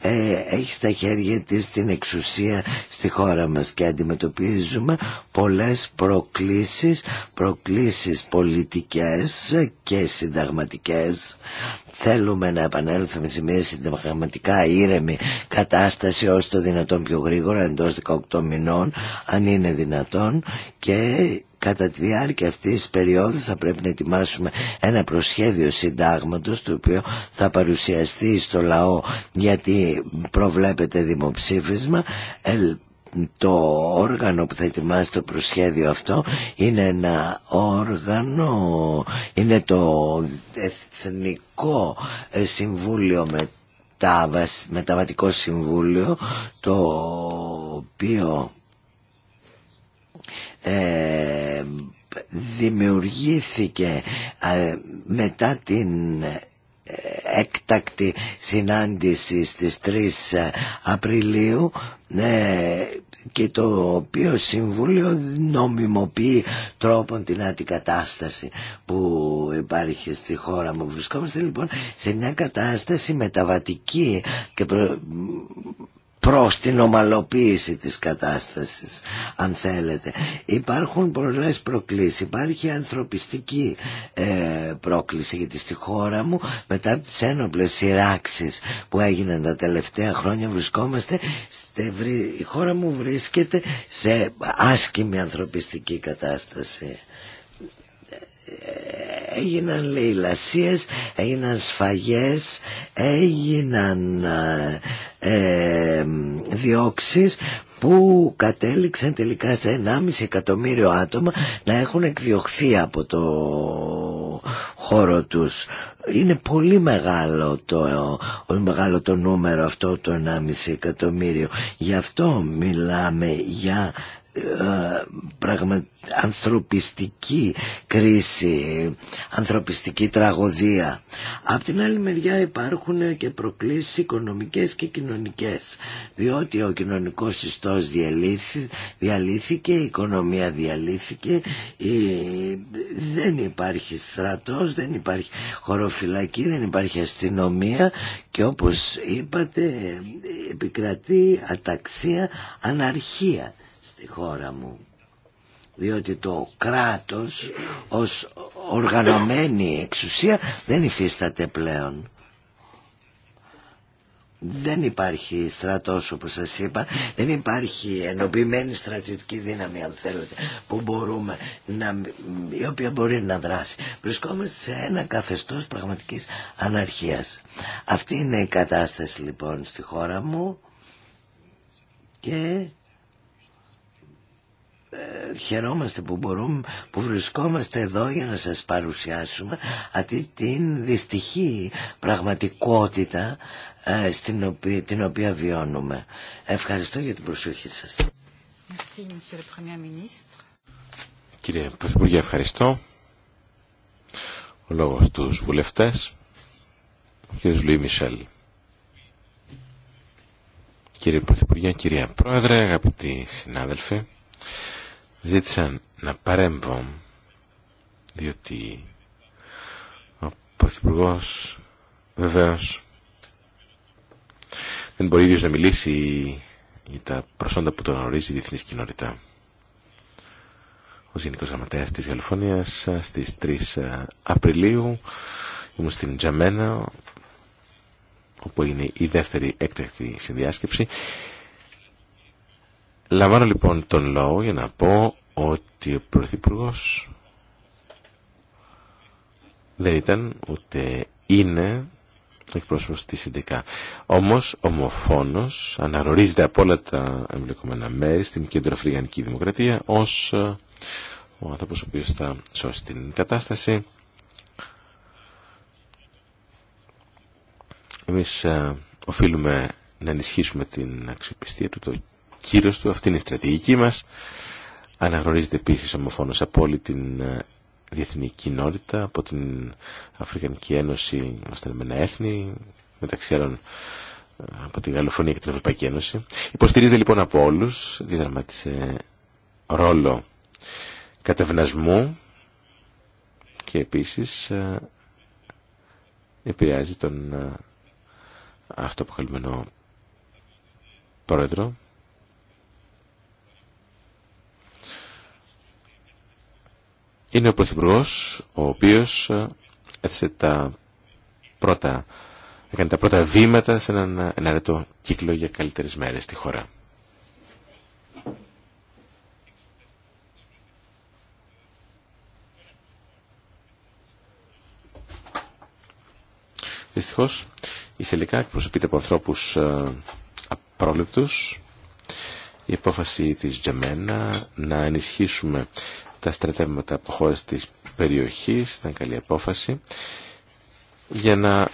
[SPEAKER 3] ε, έχει στα χέρια της την εξουσία στη χώρα μας και αντιμετωπίζουμε πολλές προκλήσεις, προκλήσεις πολιτικές και συνταγματικές θέλουμε να επανέλθουμε σε μια συνταγματικά ήρεμη κατάσταση ώστε το δυνατόν πιο γρήγορα εντός 18 μηνών αν είναι δυνατόν και κατά τη διάρκεια αυτής της περίοδου θα πρέπει να ετοιμάσουμε ένα προσχέδιο συντάγματος το οποίο θα παρουσιαστεί στο λαό γιατί προβλέπεται δημοψήφισμα ε, το όργανο που θα ετοιμάσει το προσχέδιο αυτό είναι ένα όργανο, είναι το Εθνικό ε, Συμβούλιο Μεταβατικό Συμβούλιο το οποίο ε, δημιουργήθηκε ε, μετά την ε, έκτακτη συνάντηση στις 3 Απριλίου και το οποίο Συμβούλιο νομιμοποιεί τρόπον την αντικατάσταση που υπάρχει στη χώρα μου. Βρισκόμαστε λοιπόν σε μια κατάσταση μεταβατική και προ προς την ομαλοποίηση της κατάστασης αν θέλετε υπάρχουν πολλές προκλήσεις υπάρχει ανθρωπιστική ε, πρόκληση γιατί στη χώρα μου μετά από τις ένοπλες που έγιναν τα τελευταία χρόνια βρισκόμαστε η χώρα μου βρίσκεται σε άσκημη ανθρωπιστική κατάσταση ε, έγιναν λαιλασίες, έγιναν σφαγές, έγιναν ε, ε διώξεις που κατέληξαν τελικά στα 1,5 εκατομμύριο άτομα να έχουν εκδιωχθεί από το χώρο τους. Είναι πολύ μεγάλο το, πολύ μεγάλο το νούμερο αυτό το 1,5 εκατομμύριο. Γι' αυτό μιλάμε για ε, πραγμα... ανθρωπιστική κρίση, ανθρωπιστική τραγωδία. Απ' την άλλη μεριά υπάρχουν και προκλήσεις οικονομικές και κοινωνικές, διότι ο κοινωνικός ιστός διαλύθηκε, η οικονομία διαλύθηκε, δεν υπάρχει στρατός, δεν υπάρχει χωροφυλακή, δεν υπάρχει αστυνομία και όπως είπατε επικρατεί αταξία, αναρχία στη χώρα μου διότι το κράτος ως οργανωμένη εξουσία δεν υφίσταται πλέον. Δεν υπάρχει στρατός όπως σας είπα, δεν υπάρχει ενοποιημένη στρατιωτική δύναμη αν θέλετε που μπορούμε να, η οποία μπορεί να δράσει. Βρισκόμαστε σε ένα καθεστώς πραγματικής αναρχίας. Αυτή είναι η κατάσταση λοιπόν στη χώρα μου και χαιρόμαστε που μπορούμε, που βρισκόμαστε εδώ για να σας παρουσιάσουμε αυτή την δυστυχή πραγματικότητα ε, στην οποία, την οποία βιώνουμε. Ευχαριστώ για την προσοχή σας.
[SPEAKER 4] Κύριε Πρωθυπουργέ, ευχαριστώ. Ο λόγος τους βουλευτές, ο κ. Λουί Μισελ. Κύριε Πρωθυπουργέ, κυρία Πρόεδρε, αγαπητοί συνάδελφοι, ζήτησαν να παρέμβω διότι ο Πρωθυπουργό βεβαίω δεν μπορεί ίδιος να μιλήσει για τα προσόντα που τον ορίζει η διεθνή κοινότητα. Ο Γενικό Γραμματέα τη Γαλλοφωνία στι 3 ε, Απριλίου ήμουν στην Τζαμένα όπου έγινε η δεύτερη έκτακτη συνδιάσκεψη Λαμβάνω λοιπόν τον λόγο για να πω ότι ο Πρωθυπουργό δεν ήταν ούτε είναι εκπρόσωπος της ΣΥΝΤΕΚΑ. Όμως ομοφόνος αναρωρίζεται από όλα τα εμπλεκόμενα μέρη στην Κέντρο Δημοκρατία ως ε, ο άνθρωπο ο οποίο θα σώσει την κατάσταση. Εμεί ε, οφείλουμε να ενισχύσουμε την αξιοπιστία του, το κύρος του. Αυτή είναι η στρατηγική μας. Αναγνωρίζεται επίσης ομοφόνος από όλη την ε, διεθνή κοινότητα, από την Αφρικανική Ένωση ως τα ένα Έθνη, μεταξύ άλλων ε, από την Γαλλοφωνία και την Ευρωπαϊκή Ένωση. Υποστηρίζεται λοιπόν από όλους, διδραμάτισε ρόλο κατευνασμού και επίσης ε, επηρεάζει τον αυτοποκαλυμμένο πρόεδρο είναι ο Πρωθυπουργό, ο οποίος ε, έθεσε τα πρώτα, έκανε τα πρώτα βήματα σε έναν εναρετό κύκλο για καλύτερες μέρες στη χώρα. Δυστυχώς, η Σελικά εκπροσωπείται από ανθρώπους ε, απρόβλεπτου. Η απόφαση της Τζαμένα να ενισχύσουμε τα στρατεύματα από χώρε τη περιοχής, ήταν καλή απόφαση, για να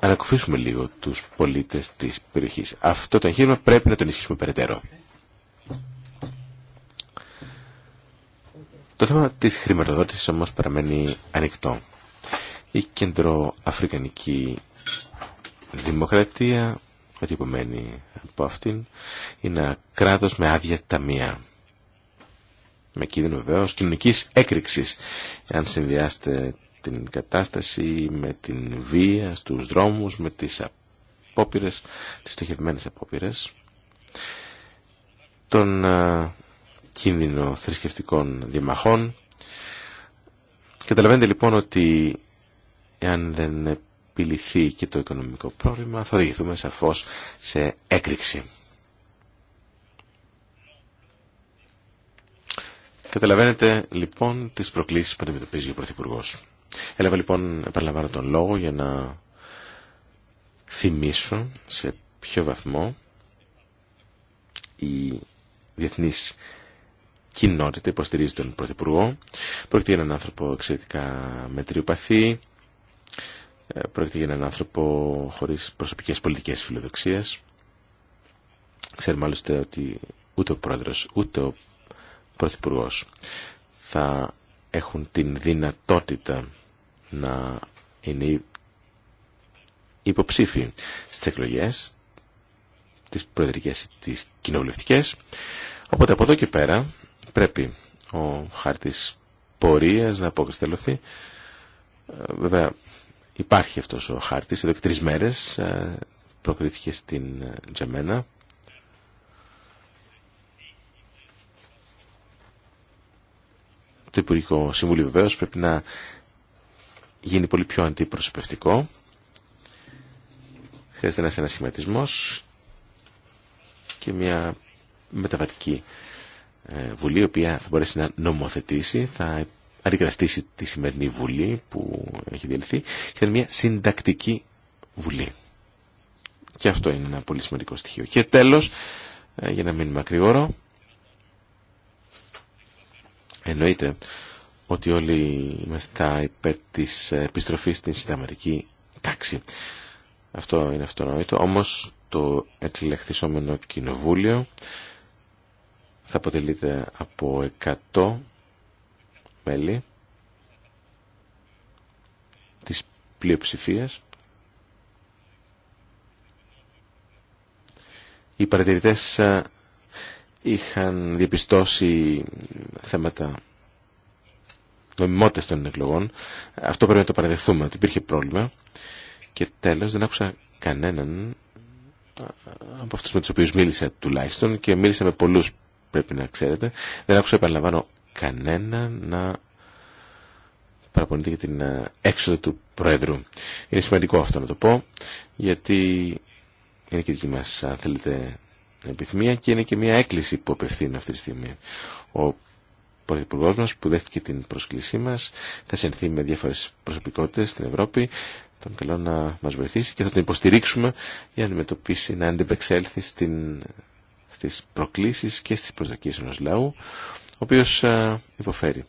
[SPEAKER 4] ανακουφίσουμε λίγο τους πολίτες της περιοχής. Αυτό το εγχείρημα πρέπει να τον ισχύσουμε περαιτέρω. Το θέμα της χρηματοδότηση όμω παραμένει ανοιχτό. Η κεντροαφρικανική δημοκρατία, ό,τι υπομένει από αυτήν, είναι κράτος με άδεια ταμεία με κίνδυνο βεβαίω κοινωνική έκρηξη. Αν συνδυάσετε την κατάσταση με την βία στους δρόμους, με τις απόπειρε, τις στοχευμένες απόπειρες, τον κίνδυνο θρησκευτικών διαμαχών. Καταλαβαίνετε λοιπόν ότι εάν δεν επιληθεί και το οικονομικό πρόβλημα θα οδηγηθούμε σαφώς σε έκρηξη. Καταλαβαίνετε λοιπόν τις προκλήσεις που αντιμετωπίζει ο Πρωθυπουργό. Έλαβα λοιπόν, επαναλαμβάνω τον λόγο για να θυμίσω σε ποιο βαθμό η διεθνή κοινότητα υποστηρίζει τον Πρωθυπουργό. Πρόκειται για έναν άνθρωπο εξαιρετικά μετριοπαθή, ε, πρόκειται για έναν άνθρωπο χωρίς προσωπικές πολιτικές φιλοδοξίε, Ξέρουμε άλλωστε ότι ούτε ο πρόεδρο, ούτε ο θα έχουν την δυνατότητα να είναι υποψήφοι στις εκλογές, τις προεδρικές ή τις κοινοβουλευτικές. Οπότε από εδώ και πέρα πρέπει ο χάρτης πορείας να αποκριστελωθεί. Ε, βέβαια υπάρχει αυτός ο χάρτης, εδώ και τρεις μέρες ε, προκρίθηκε στην ε, Τζεμένα. το Υπουργικό Συμβούλιο βεβαίω πρέπει να γίνει πολύ πιο αντιπροσωπευτικό. Χρειάζεται ένας ανασχηματισμός και μια μεταβατική ε, βουλή, η οποία θα μπορέσει να νομοθετήσει, θα αντικραστήσει τη σημερινή βουλή που έχει διελθεί και μια συντακτική βουλή. Και αυτό είναι ένα πολύ σημαντικό στοιχείο. Και τέλος, ε, για να μείνουμε ακριγόρο, Εννοείται ότι όλοι είμαστε υπέρ της επιστροφής στην συνταγματική τάξη. Αυτό είναι αυτονόητο. Όμως το εκλεχθισόμενο κοινοβούλιο θα αποτελείται από 100 μέλη της πλειοψηφίας. Οι παρατηρητές είχαν διαπιστώσει θέματα νομιμότητας των εκλογών. Αυτό πρέπει να το παραδεχθούμε, ότι υπήρχε πρόβλημα. Και τέλος δεν άκουσα κανέναν από αυτούς με τους οποίους μίλησα τουλάχιστον και μίλησα με πολλούς πρέπει να ξέρετε. Δεν άκουσα, επαναλαμβάνω, κανέναν να παραπονείται για την έξοδο του Πρόεδρου. Είναι σημαντικό αυτό να το πω, γιατί είναι και δική μας, αν θέλετε, επιθυμία και είναι και μια έκκληση που απευθύνει αυτή τη στιγμή. Ο Πρωθυπουργό μα που δέχτηκε την πρόσκλησή μα θα συνθεί με διάφορε προσωπικότητε στην Ευρώπη. Τον καλό να μα βοηθήσει και θα τον υποστηρίξουμε για να αντιμετωπίσει, να αντεπεξέλθει στην, στις προκλήσεις και στις προσδοκίες ενός λαού ο οποίος ε, υποφέρει.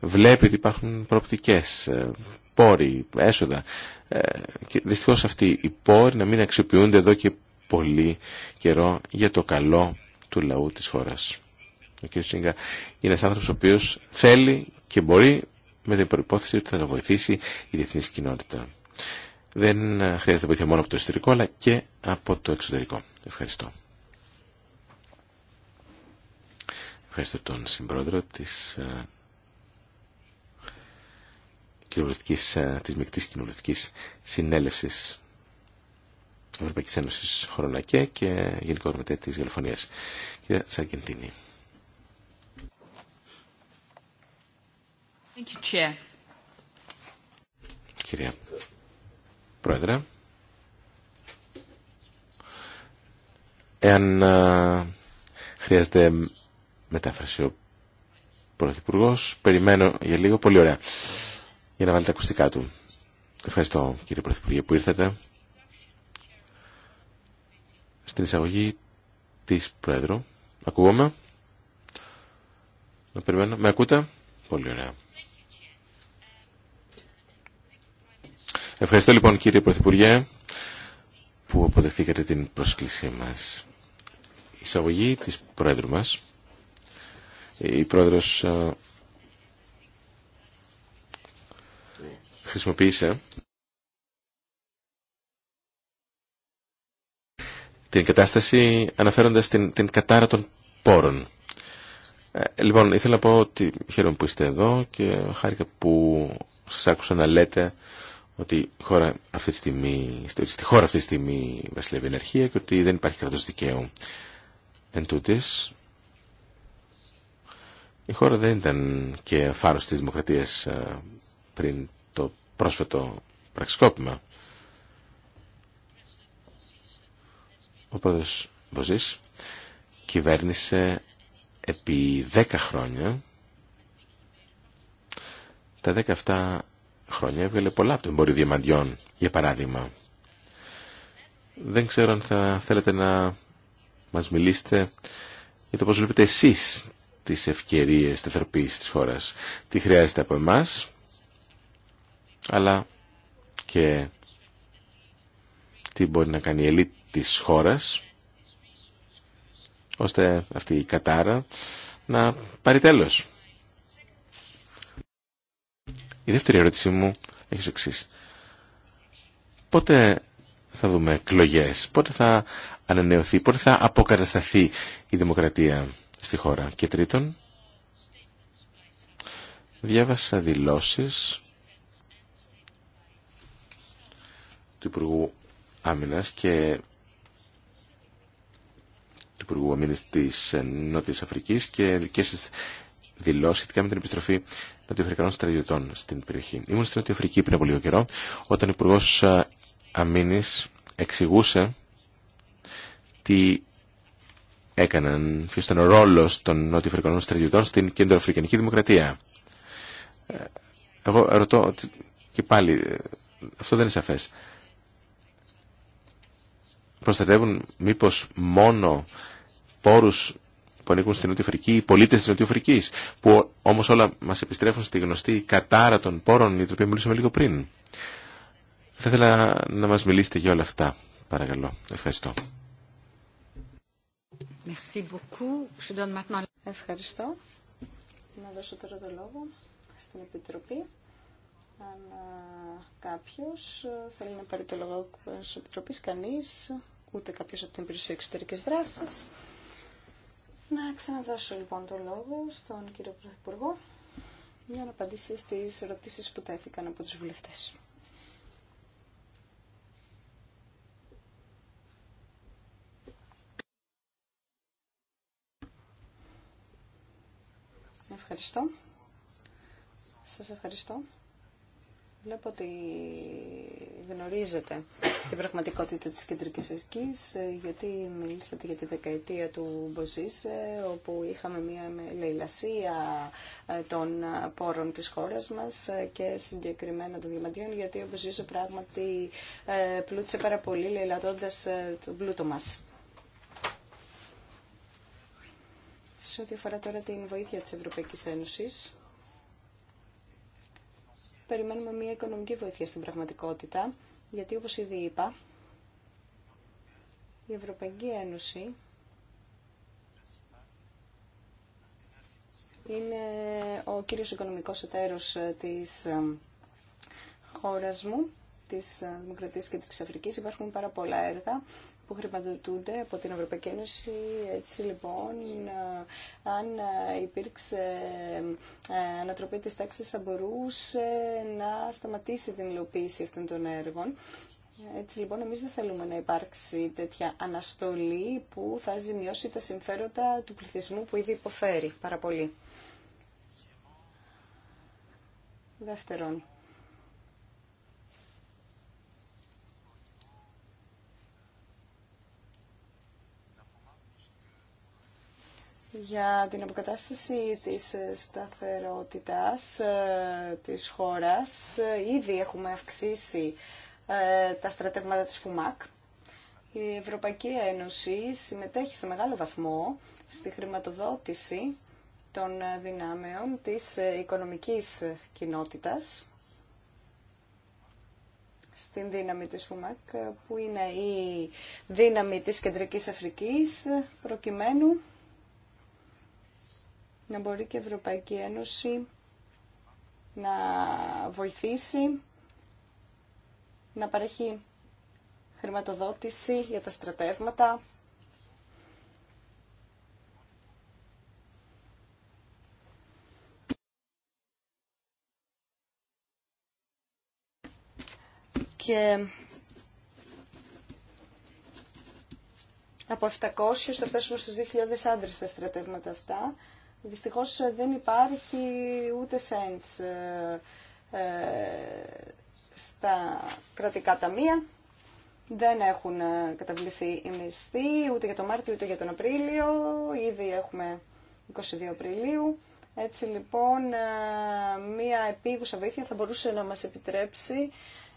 [SPEAKER 4] Βλέπει ότι υπάρχουν προοπτικές, ε, πόροι, έσοδα ε, και δυστυχώς αυτοί οι πόροι να μην αξιοποιούνται εδώ και πολύ καιρό για το καλό του λαού της χώρας. Ο κ. Σίγκα είναι ένας άνθρωπος ο οποίος θέλει και μπορεί με την προπόθεση ότι θα βοηθήσει η διεθνή κοινότητα. Δεν χρειάζεται βοήθεια μόνο από το εσωτερικό αλλά και από το εξωτερικό. Ευχαριστώ. Ευχαριστώ τον συμπρόεδρο της ε, κοινοβουλευτικής, ε, της μεικτής Κοινοβουλευτικής Συνέλευσης. Ευρωπαϊκής Ένωσης Χωρονακέ και Γενικό Γραμματέα της και Κυρία Σαρκεντίνη. Κυρία Πρόεδρε, εάν χρειάζεται μετάφραση ο Πρωθυπουργός, περιμένω για λίγο, πολύ ωραία, για να βάλει τα ακουστικά του. Ευχαριστώ κύριε Πρωθυπουργέ που ήρθατε στην εισαγωγή της Πρόεδρου. Ακούγομαι. Να περιμένω. Με ακούτε. Πολύ ωραία. Ευχαριστώ λοιπόν κύριε Πρωθυπουργέ που αποδεχθήκατε την πρόσκλησή μας. Η εισαγωγή της Πρόεδρου μας. Η Πρόεδρος ε, χρησιμοποίησε την κατάσταση αναφέροντας την, την κατάρα των πόρων. Ε, λοιπόν, ήθελα να πω ότι χαίρομαι που είστε εδώ και χάρηκα που σας άκουσα να λέτε ότι χώρα αυτή τη στιγμή, στη χώρα αυτή τη στιγμή βασιλεύει ενέργεια και ότι δεν υπάρχει κράτος δικαίου. Εν τούτης, η χώρα δεν ήταν και φάρος της δημοκρατίας ε, πριν το πρόσφατο πραξικόπημα. Ο πρόεδρος Μποζής κυβέρνησε επί 10 χρόνια. Τα δέκα αυτά χρόνια έβγαλε πολλά από το εμπόριο διαμαντιών, για παράδειγμα. Δεν ξέρω αν θα θέλετε να μας μιλήσετε για το πώς βλέπετε εσείς τις ευκαιρίες τεθροποίησης της χώρας. Τι χρειάζεται από εμάς, αλλά και τι μπορεί να κάνει η ελίτ της χώρας ώστε αυτή η κατάρα να πάρει τέλος. Η δεύτερη ερώτησή μου έχει ως Πότε θα δούμε εκλογέ, πότε θα ανανεωθεί, πότε θα αποκατασταθεί η δημοκρατία στη χώρα. Και τρίτον, διάβασα δηλώσεις του Υπουργού Άμυνας και Υπουργού Αμήνη τη Νότια Αφρικής και δικές δηλώσει δηλώσει σχετικά με την επιστροφή νοτιοαφρικανών στρατιωτών στην περιοχή. Ήμουν στην Νότια Αφρική πριν από λίγο καιρό, όταν ο Υπουργό ε, Αμήνη εξηγούσε τι έκαναν, ποιο ήταν ο ρόλο των νοτιοαφρικανών στρατιωτών στην κεντροαφρικανική δημοκρατία. Ε, εγώ ρωτώ ότι και πάλι ε, αυτό δεν είναι σαφέ. Προστατεύουν μήπω μόνο Πόρου που ανήκουν στην Νοτιοφρική, οι τη Νότια που όμω όλα μα επιστρέφουν στη γνωστή κατάρα των πόρων, για την οποία μιλήσαμε λίγο πριν. Θα ήθελα να μα μιλήσετε για όλα αυτά. Παρακαλώ. Ευχαριστώ.
[SPEAKER 2] Ευχαριστώ. Να δώσω τώρα το λόγο στην Επιτροπή. Αν κάποιο ε, θέλει να πάρει το λόγο τη Επιτροπή, κανεί. ούτε κάποιο από την υπηρεσία εξωτερική δράση. Να ξαναδώσω λοιπόν το λόγο στον κύριο Πρωθυπουργό για να απαντήσει στις ερωτήσεις που τέθηκαν από τους βουλευτές. Ευχαριστώ. Σας ευχαριστώ Βλέπω ότι γνωρίζετε την πραγματικότητα της Κεντρικής αρχής, ε, γιατί μιλήσατε για τη δεκαετία του Μποζής, ε, όπου είχαμε μια λαϊλασία ε, των πόρων της χώρας μας και συγκεκριμένα των διαμαντίων, γιατί ο Μποζής πράγματι πλούτησε πάρα πολύ λαϊλατώντας τον πλούτο μας. Σε ό,τι αφορά τώρα την βοήθεια της Ευρωπαϊκής Ένωσης, περιμένουμε μια οικονομική βοήθεια στην πραγματικότητα, γιατί όπως ήδη είπα, η Ευρωπαϊκή Ένωση είναι ο κύριος οικονομικός εταίρος της ε, χώρας μου, της ε, Δημοκρατίας και της Αφρικής. Υπάρχουν πάρα πολλά έργα που χρηματοδοτούνται από την Ευρωπαϊκή Ένωση. Έτσι λοιπόν, ε, αν ε, υπήρξε ε, ανατροπή της τάξης θα μπορούσε να σταματήσει την υλοποίηση αυτών των έργων. Έτσι λοιπόν εμείς δεν θέλουμε να υπάρξει τέτοια αναστολή που θα ζημιώσει τα συμφέροντα του πληθυσμού που ήδη υποφέρει πάρα πολύ. Δεύτερον, για την αποκατάσταση της σταθερότητας ε, της χώρας. Ήδη έχουμε αυξήσει ε, τα στρατεύματα της ΦΟΜΑΚ. Η Ευρωπαϊκή Ένωση συμμετέχει σε μεγάλο βαθμό στη χρηματοδότηση των δυνάμεων της ε, οικονομικής κοινότητας στην δύναμη της ΦΟΜΑΚ, που είναι η δύναμη της Κεντρικής Αφρικής, προκειμένου να μπορεί και η Ευρωπαϊκή Ένωση να βοηθήσει να παρέχει χρηματοδότηση για τα στρατεύματα. Και από 700 θα φτάσουμε στους 2.000 άντρες στα στρατεύματα αυτά. Δυστυχώς ε, δεν υπάρχει ούτε σέντς ε, ε, στα κρατικά ταμεία. Δεν έχουν καταβληθεί οι μισθοί ούτε για τον Μάρτιο ούτε για τον Απρίλιο. Ήδη έχουμε 22 Απριλίου. Έτσι λοιπόν μία επίγουσα βοήθεια θα μπορούσε να μας επιτρέψει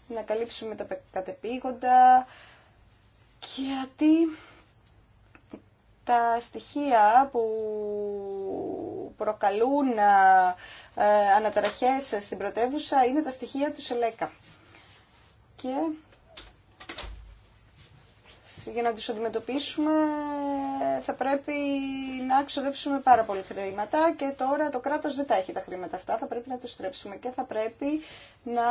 [SPEAKER 2] να καλύψουμε τα κατεπήγοντα γιατί τα στοιχεία που προκαλούν ε, αναταραχές στην πρωτεύουσα είναι τα στοιχεία του ΣΕΛΕΚΑ. Και για να τις αντιμετωπίσουμε θα πρέπει να ξοδέψουμε πάρα πολύ χρήματα και τώρα το κράτος δεν τα έχει τα χρήματα αυτά, θα πρέπει να το στρέψουμε και θα πρέπει να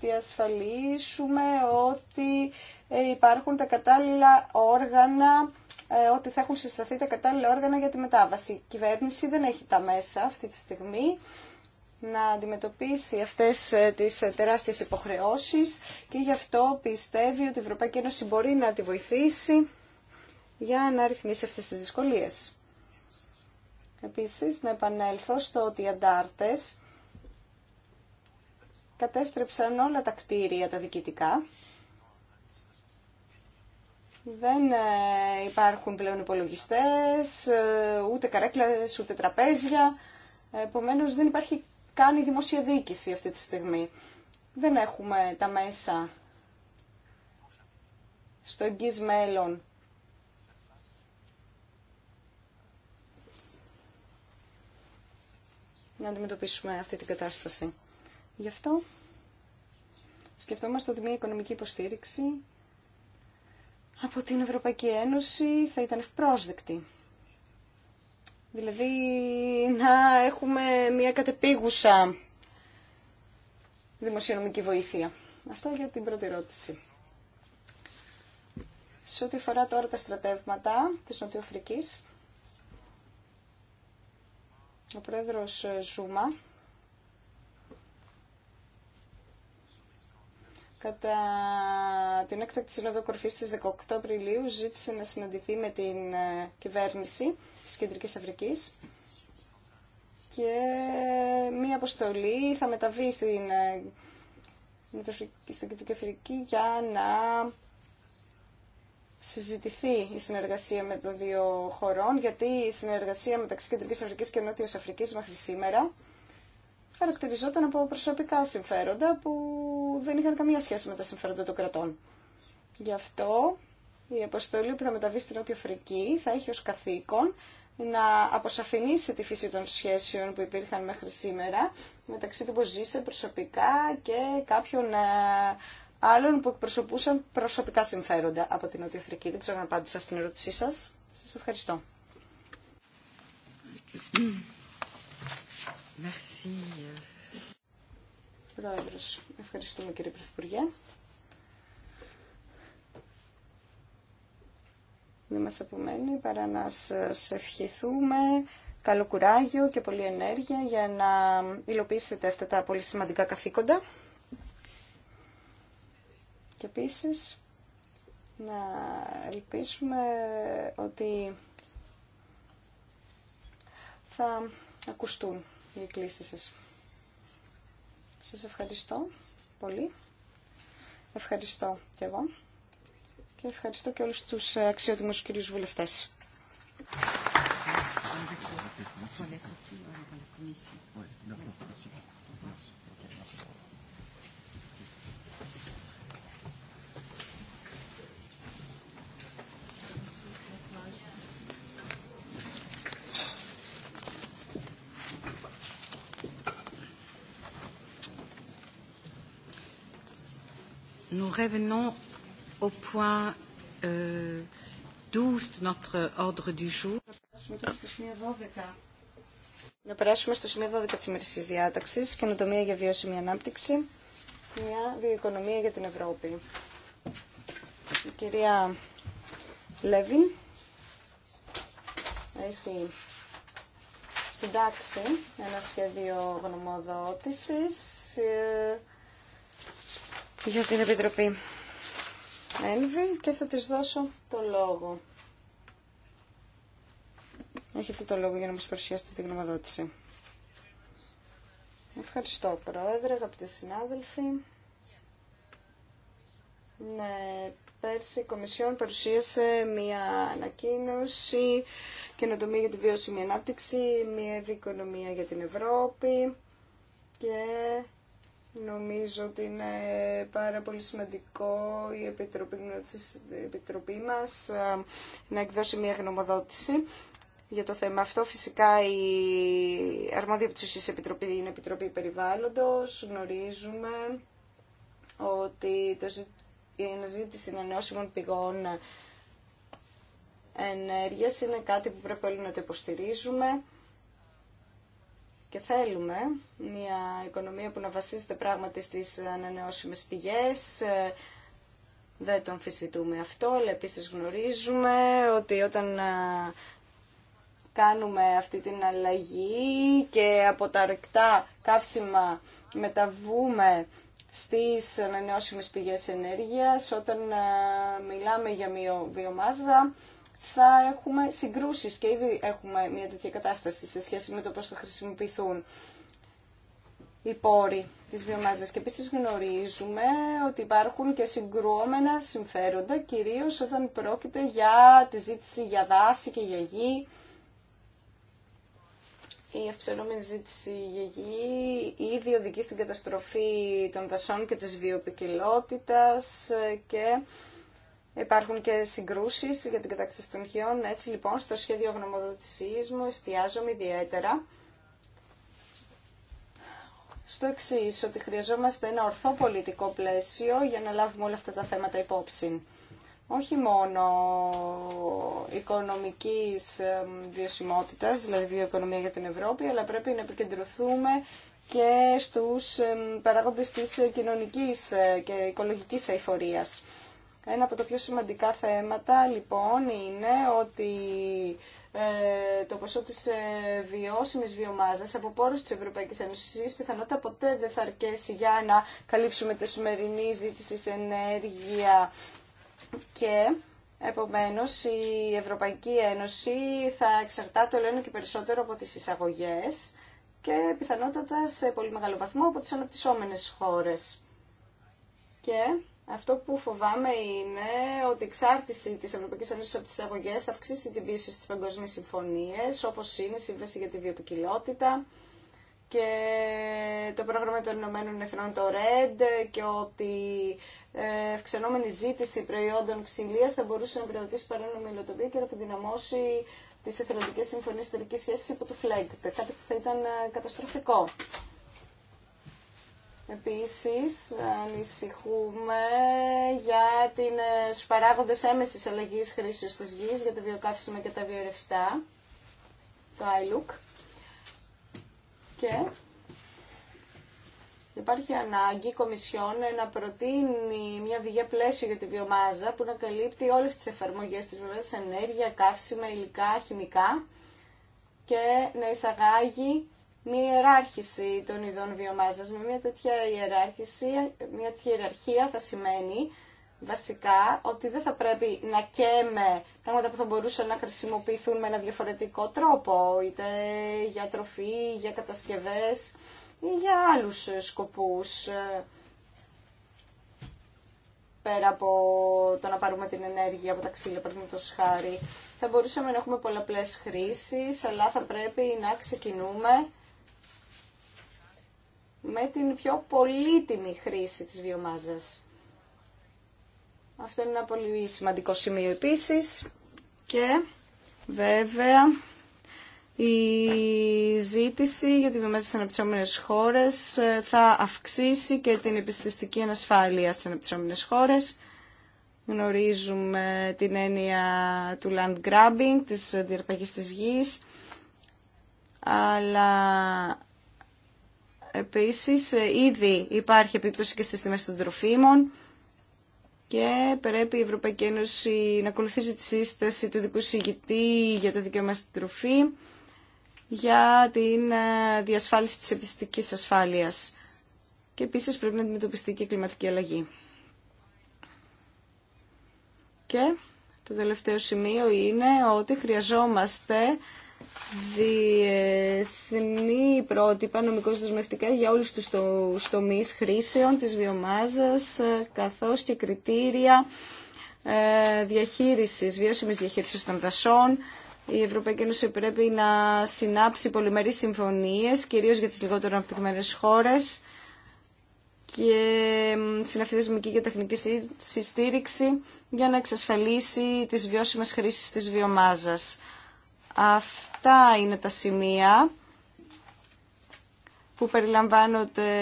[SPEAKER 2] διασφαλίσουμε ότι ε, υπάρχουν τα κατάλληλα όργανα ε, ότι θα έχουν συσταθεί τα κατάλληλα όργανα για τη μετάβαση. Η κυβέρνηση δεν έχει τα μέσα αυτή τη στιγμή να αντιμετωπίσει αυτές ε, τις τεράστιες υποχρεώσεις και γι' αυτό πιστεύει ότι η Ευρωπαϊκή Ένωση μπορεί να τη βοηθήσει για να ρυθμίσει αυτές τις δυσκολίες. Επίσης, να επανέλθω στο ότι οι αντάρτες κατέστρεψαν όλα τα κτίρια τα διοικητικά. Δεν ε, υπάρχουν πλέον υπολογιστέ, ε, ούτε καρέκλες, ούτε τραπέζια. Επομένως, δεν υπάρχει καν η δημόσια διοίκηση αυτή τη στιγμή. Δεν έχουμε τα μέσα στο εγγύς μέλλον να αντιμετωπίσουμε αυτή την κατάσταση. Γι' αυτό σκεφτόμαστε ότι μια οικονομική υποστήριξη από την Ευρωπαϊκή Ένωση θα ήταν ευπρόσδεκτη. Δηλαδή να έχουμε μια κατεπίγουσα δημοσιονομική βοήθεια. Αυτό για την πρώτη ερώτηση. Σε ό,τι αφορά τώρα τα στρατεύματα της Νοτιοαφρικής, ο πρόεδρος ε, Ζούμα κατά την έκτακτη σύνοδο κορφής στις 18 Απριλίου ζήτησε να συναντηθεί με την ε, κυβέρνηση της Κεντρικής Αφρικής και μία αποστολή θα μεταβεί στην, ε, στην Κεντρική Αφρική για να συζητηθεί η συνεργασία με το δύο χωρών, γιατί η συνεργασία μεταξύ Κεντρική Αφρικής και Νότια Αφρικής μέχρι σήμερα χαρακτηριζόταν από προσωπικά συμφέροντα που δεν είχαν καμία σχέση με τα συμφέροντα των κρατών. Γι' αυτό η αποστολή που θα μεταβεί στην Νότια Αφρική θα έχει ως καθήκον να αποσαφηνίσει τη φύση των σχέσεων που υπήρχαν μέχρι σήμερα μεταξύ του Μποζίσε προσωπικά και κάποιων ε, άλλων που εκπροσωπούσαν προσωπικά συμφέροντα από την Νότια Αφρική. Δεν ξέρω αν απάντησα στην ερώτησή σας. Σας ευχαριστώ. Merci. ευχαριστούμε κύριε Πρωθυπουργέ. Δεν μας απομένει παρά να σας ευχηθούμε καλό κουράγιο και πολλή ενέργεια για να υλοποιήσετε αυτά τα πολύ σημαντικά καθήκοντα. Και επίσης να ελπίσουμε ότι θα ακουστούν οι εκκλήσεις σας. Σας ευχαριστώ πολύ. Ευχαριστώ και εγώ. Και ευχαριστώ και όλους τους αξιότιμους κυρίους βουλευτές.
[SPEAKER 1] Να
[SPEAKER 2] περάσουμε στο σημείο 12 της ημερησία διάταξη. καινοτομία για βιώσιμη ανάπτυξη, μια βιοοικονομία για την Ευρώπη. Η κυρία Λέβιν έχει συντάξει ένα σχέδιο γνωμοδότησης ε, για την Επιτροπή Ένβη και θα της δώσω το λόγο. Έχετε το λόγο για να μας παρουσιάσετε την γνωμοδότηση. Ευχαριστώ, Πρόεδρε, αγαπητοί συνάδελφοι. Ναι, πέρσι η Κομισιόν παρουσίασε μια ανακοίνωση καινοτομία για τη βιώσιμη ανάπτυξη, μια ευοικονομία για την Ευρώπη και Νομίζω ότι είναι πάρα πολύ σημαντικό η Επιτροπή, η Επιτροπή μας να εκδώσει μια γνωμοδότηση για το θέμα αυτό. Φυσικά η αρμόδια της Επιτροπή είναι Επιτροπή Περιβάλλοντος. Γνωρίζουμε ότι το, η αναζήτηση ανανεώσιμων πηγών ενέργειας είναι κάτι που πρέπει όλοι να το υποστηρίζουμε και θέλουμε μια οικονομία που να βασίζεται πράγματι στις ανανεώσιμες πηγές, δεν τον φυσιτούμε αυτό, αλλά επίσης γνωρίζουμε ότι όταν κάνουμε αυτή την αλλαγή και από τα ρεκτά καύσιμα μεταβούμε στις ανανεώσιμες πηγές ενέργειας, όταν μιλάμε για βιομάζα, θα έχουμε συγκρούσεις και ήδη έχουμε μια τέτοια κατάσταση σε σχέση με το πώς θα χρησιμοποιηθούν οι πόροι της βιομάζας. Και επίσης γνωρίζουμε ότι υπάρχουν και συγκρουόμενα συμφέροντα, κυρίως όταν πρόκειται για τη ζήτηση για δάση και για γη. Η αυξανόμενη ζήτηση για γη ήδη οδηγεί στην καταστροφή των δασών και της βιοπικιλότητας και Υπάρχουν και συγκρούσεις για την κατάκτηση των χειών. Έτσι λοιπόν στο σχέδιο γνωμοδοτησή μου εστιάζομαι ιδιαίτερα στο εξή ότι χρειαζόμαστε ένα ορθό πολιτικό πλαίσιο για να λάβουμε όλα αυτά τα θέματα υπόψη. Όχι μόνο οικονομικής βιωσιμότητας, δηλαδή βιοοικονομία για την Ευρώπη, αλλά πρέπει να επικεντρωθούμε και στους παράγοντες της κοινωνικής ε, και οικολογικής αηφορίας. Ένα από τα πιο σημαντικά θέματα λοιπόν είναι ότι ε, το ποσό της ε, βιώσιμης βιομάζας από πόρους της Ευρωπαϊκής Ένωσης πιθανότητα ποτέ δεν θα αρκέσει για να καλύψουμε τη σημερινή ζήτηση σε ενέργεια και επομένως η Ευρωπαϊκή Ένωση θα εξαρτάται όλο και περισσότερο από τις εισαγωγές και πιθανότατα σε πολύ μεγάλο βαθμό από τις αναπτυσσόμενες χώρες. Και αυτό που φοβάμαι είναι ότι η εξάρτηση τη Ευρωπαϊκή Ένωση από τι αγωγέ θα αυξήσει την πίεση στι παγκόσμιε συμφωνίε, όπω είναι η Σύμβαση για τη Βιοπικιλότητα και το πρόγραμμα των Ηνωμένων Εθνών, το RED, και ότι η ε, ευξενόμενη ζήτηση προϊόντων ξυλία θα μπορούσε να προωθήσει παράνομη υλοτοπία και να επιδυναμώσει τι εθελοντικέ συμφωνίε εταιρική σχέση υπό του FLEGT. Κάτι που θα ήταν ε, καταστροφικό. Επίσης, ανησυχούμε για την, παράγοντε παράγοντες έμεσης αλλαγής χρήσης της γης, για τα βιοκαύσιμα και τα βιορευστά, το iLook. Και υπάρχει ανάγκη η Κομισιόν να προτείνει μια οδηγία πλαίσιο για τη βιομάζα που να καλύπτει όλες τις εφαρμογές της βιομάζας ενέργεια, καύσιμα, υλικά, χημικά και να εισαγάγει μια ιεράρχηση των ειδών βιομάζας. Με μια τέτοια ιεράρχηση, μια τέτοια ιεραρχία θα σημαίνει βασικά ότι δεν θα πρέπει να καίμε πράγματα που θα μπορούσαν να χρησιμοποιηθούν με ένα διαφορετικό τρόπο, είτε για τροφή, για κατασκευές ή για άλλους σκοπούς ε, πέρα από το να πάρουμε την ενέργεια από τα ξύλα, το χάρη. Θα μπορούσαμε να έχουμε πολλαπλές χρήσεις, αλλά θα πρέπει να ξεκινούμε με την πιο πολύτιμη χρήση της βιομάζας. Αυτό είναι ένα πολύ σημαντικό σημείο επίσης και βέβαια η ζήτηση για τη βιομάζα στις αναπτυσσόμενες χώρες ε, θα αυξήσει και την επιστηστική ανασφάλεια στις αναπτυσσόμενες χώρες. Γνωρίζουμε την έννοια του land grabbing, της διαρπαγής της γης, αλλά Επίσης, ε, ήδη υπάρχει επίπτωση και στις τιμές των τροφίμων και πρέπει η Ευρωπαϊκή Ένωση να ακολουθήσει τη σύσταση του δικού συγητή για το δικαίωμα στην τροφή για την ε, διασφάλιση της επιστικής ασφάλειας. Και επίσης πρέπει να αντιμετωπιστεί και η κλιματική αλλαγή. Και το τελευταίο σημείο είναι ότι χρειαζόμαστε διεθνή πρότυπα νομικώς δεσμευτικά για όλους τους το, τομείς χρήσεων της βιομάζας ε, καθώς και κριτήρια ε, διαχείρισης, βιώσιμης διαχείρισης των δασών. Η Ευρωπαϊκή Ένωση πρέπει να συνάψει πολυμερείς συμφωνίες, κυρίως για τις λιγότερο αναπτυγμένες χώρες και συναφιδεσμική και τεχνική συστήριξη για να εξασφαλίσει τις βιώσιμες χρήσεις της βιομάζας. Αυτά είναι τα σημεία που περιλαμβάνονται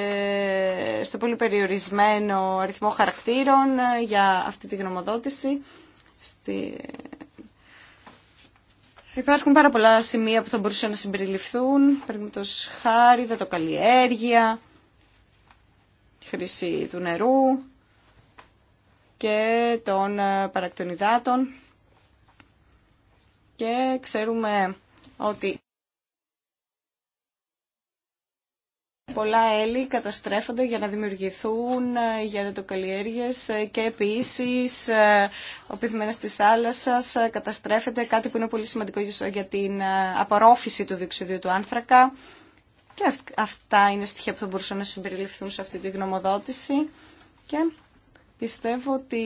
[SPEAKER 2] στο πολύ περιορισμένο αριθμό χαρακτήρων ε, για αυτή τη γνωμοδότηση. Στη... Υπάρχουν πάρα πολλά σημεία που θα μπορούσαν να συμπεριληφθούν, το χάρη, δατοκαλλιέργεια, χρήση του νερού και των ε, παρακτονιδάτων και ξέρουμε ότι πολλά έλλη καταστρέφονται για να δημιουργηθούν ε, για γερατοκαλλιέργειες ε, και επίσης ε, ο πυθμένας της θάλασσας καταστρέφεται κάτι που είναι πολύ σημαντικό για την απορρόφηση του διοξιδίου του άνθρακα και αυτά είναι στοιχεία που θα μπορούσαν να συμπεριληφθούν σε αυτή τη γνωμοδότηση και Πιστεύω ότι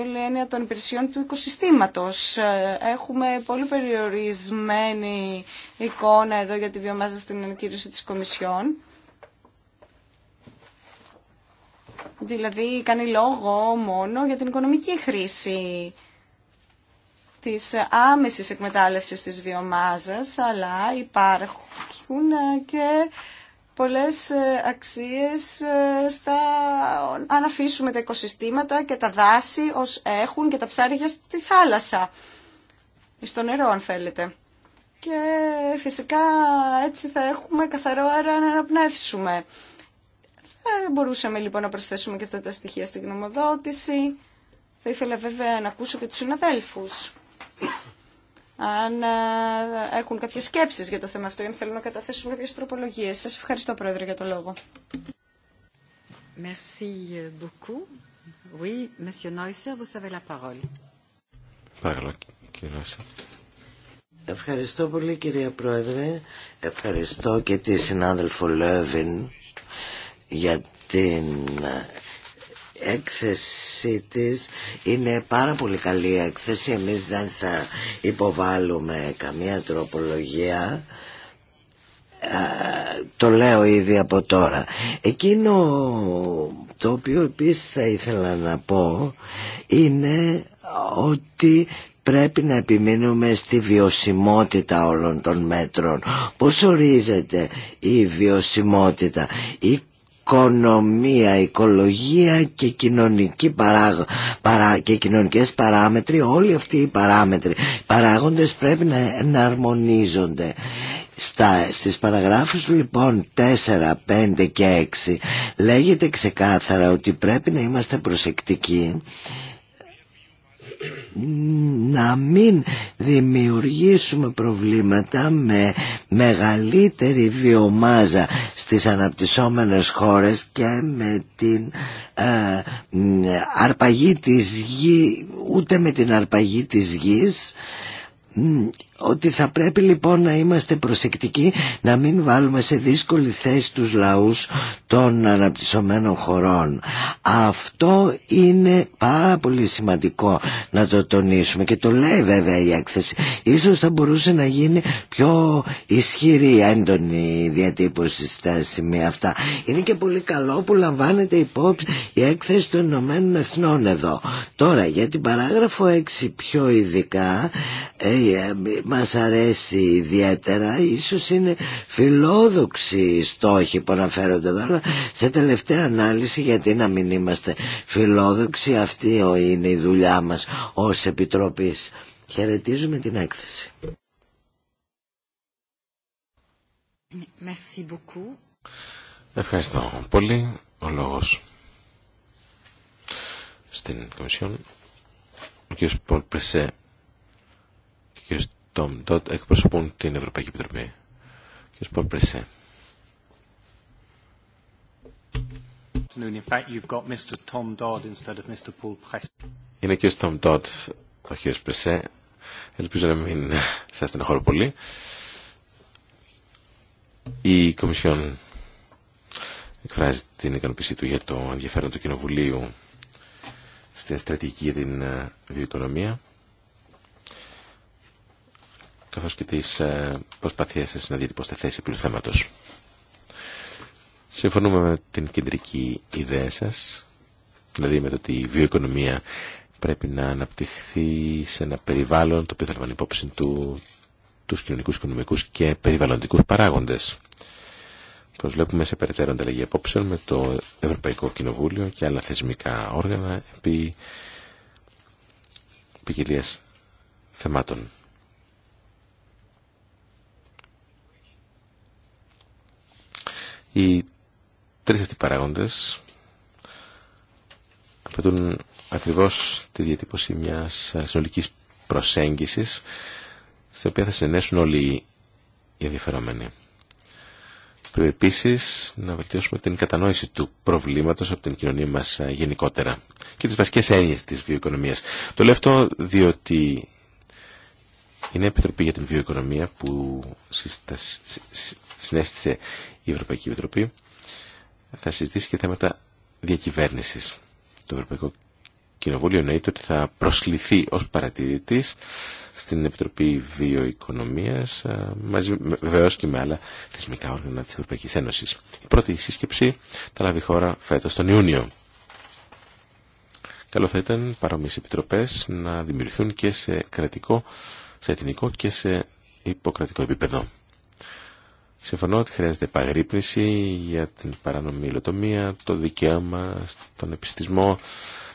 [SPEAKER 2] όλη η έννοια των υπηρεσιών του οικοσυστήματος. Ε, έχουμε πολύ περιορισμένη εικόνα εδώ για τη βιομάζα στην ανακήρυξη της Κομισιόν. Δηλαδή κάνει λόγο μόνο για την οικονομική χρήση της άμεσης εκμετάλλευσης της βιομάζας, αλλά υπάρχουν και πολλές ε, αξίες ε, στα... αν αφήσουμε τα οικοσυστήματα και τα δάση ως έχουν και τα ψάρια στη θάλασσα, στο νερό αν θέλετε. Και φυσικά έτσι θα έχουμε καθαρό αέρα να αναπνεύσουμε. Θα μπορούσαμε λοιπόν να προσθέσουμε και αυτά τα στοιχεία στην γνωμοδότηση. Θα ήθελα βέβαια να ακούσω και τους συναδέλφους αν ε, έχουν κάποιες σκέψεις για το θέμα αυτό, αν θέλουν να καταθέσουν κάποιες τροπολογίες. Σας ευχαριστώ, Πρόεδρε, για το λόγο.
[SPEAKER 1] Merci ε, beaucoup. Oui, Monsieur Neusser, vous avez la parole.
[SPEAKER 3] Ευχαριστώ πολύ κυρία Πρόεδρε. Ευχαριστώ και τη συνάδελφο Λέβιν για την έκθεσή της είναι πάρα πολύ καλή έκθεση εμείς δεν θα υποβάλουμε καμία τροπολογία το λέω ήδη από τώρα εκείνο το οποίο επίσης θα ήθελα να πω είναι ότι πρέπει να επιμείνουμε στη βιωσιμότητα όλων των μέτρων. Πώς ορίζεται η βιωσιμότητα. Η οικονομία, οικολογία και, κοινωνική παρά, παρά, και κοινωνικές παράμετροι, όλοι αυτοί οι παράμετροι, παράγοντες πρέπει να εναρμονίζονται. Στα, στις παραγράφους λοιπόν 4, 5 και 6 λέγεται ξεκάθαρα ότι πρέπει να είμαστε προσεκτικοί να μην δημιουργήσουμε προβλήματα με μεγαλύτερη βιομάζα στις αναπτυσσόμενες χώρες και με την ε, αρπαγή ούτε με την αρπαγή της γης ότι θα πρέπει λοιπόν να είμαστε προσεκτικοί να μην βάλουμε σε δύσκολη θέση τους λαούς των αναπτυσσομένων χωρών. Αυτό είναι πάρα πολύ σημαντικό να το τονίσουμε και το λέει βέβαια η έκθεση. Ίσως θα μπορούσε να γίνει πιο ισχυρή έντονη διατύπωση στα σημεία αυτά. Είναι και πολύ καλό που λαμβάνεται υπόψη η έκθεση των Ηνωμένων Εθνών εδώ. Τώρα για την παράγραφο 6 πιο ειδικά ε, ε, μας αρέσει ιδιαίτερα ίσως είναι φιλόδοξοι στόχοι που αναφέρονται εδώ αλλά σε τελευταία ανάλυση γιατί να μην είμαστε φιλόδοξοι αυτή είναι η δουλειά μας ως Επιτροπής χαιρετίζουμε την έκθεση
[SPEAKER 1] Merci beaucoup.
[SPEAKER 4] Ευχαριστώ πολύ ο λόγος στην Κομισιόν ο κ. Πολ και ο Ντομ Ντότ εκπροσωπούν την Ευρωπαϊκή Επιτροπή. Κ. Πορπρεσέ.
[SPEAKER 5] Είναι και ο κ. Τόμ
[SPEAKER 4] Ντότ, ο κ. Πρεσέ. Ελπίζω να μην σας στενοχωρώ πολύ. Η Κομισιόν εκφράζει την ικανοποίησή του για το ενδιαφέρον του Κοινοβουλίου στην στρατηγική για την ε, βιοοικονομία καθώς και τις ε, προσπαθίες σας να διατυπώσετε θέση επί του θέματος. Συμφωνούμε με την κεντρική ιδέα σας, δηλαδή με το ότι η βιοοικονομία πρέπει να αναπτυχθεί σε ένα περιβάλλον το οποίο θα λαμβάνει υπόψη του τους κοινωνικούς, οικονομικούς και περιβαλλοντικούς παράγοντες. Προσβλέπουμε σε περαιτέρω ανταλλαγή απόψεων με το Ευρωπαϊκό Κοινοβούλιο και άλλα θεσμικά όργανα επί ποικιλίας θεμάτων. Οι τρεις αυτοί παράγοντες απαιτούν ακριβώς τη διατύπωση μιας συνολικής προσέγγισης στην οποία θα συνενέσουν όλοι οι ενδιαφερόμενοι. Πρέπει επίση να βελτιώσουμε την κατανόηση του προβλήματο από την κοινωνία μα γενικότερα και τι βασικέ έννοιε τη βιοοικονομία. Το λέω αυτό διότι είναι επιτροπή για την βιοοικονομία που συνέστησε η Ευρωπαϊκή Επιτροπή θα συζητήσει και θέματα διακυβέρνησης. Το Ευρωπαϊκό Κοινοβούλιο εννοείται ότι θα προσληθεί ως παρατηρητής στην Επιτροπή Βιοοικονομίας ε, μαζί βεβαίως και με άλλα θεσμικά όργανα της Ευρωπαϊκής Ένωσης. Η πρώτη σύσκεψη θα λάβει χώρα φέτος τον Ιούνιο. Καλό θα ήταν παρόμοιες επιτροπές να δημιουργηθούν και σε κρατικό, σε εθνικό και σε υποκρατικό επίπεδο. Συμφωνώ ότι χρειάζεται επαγρύπνηση για την παρανομή υλοτομία, το δικαίωμα στον επιστησμό,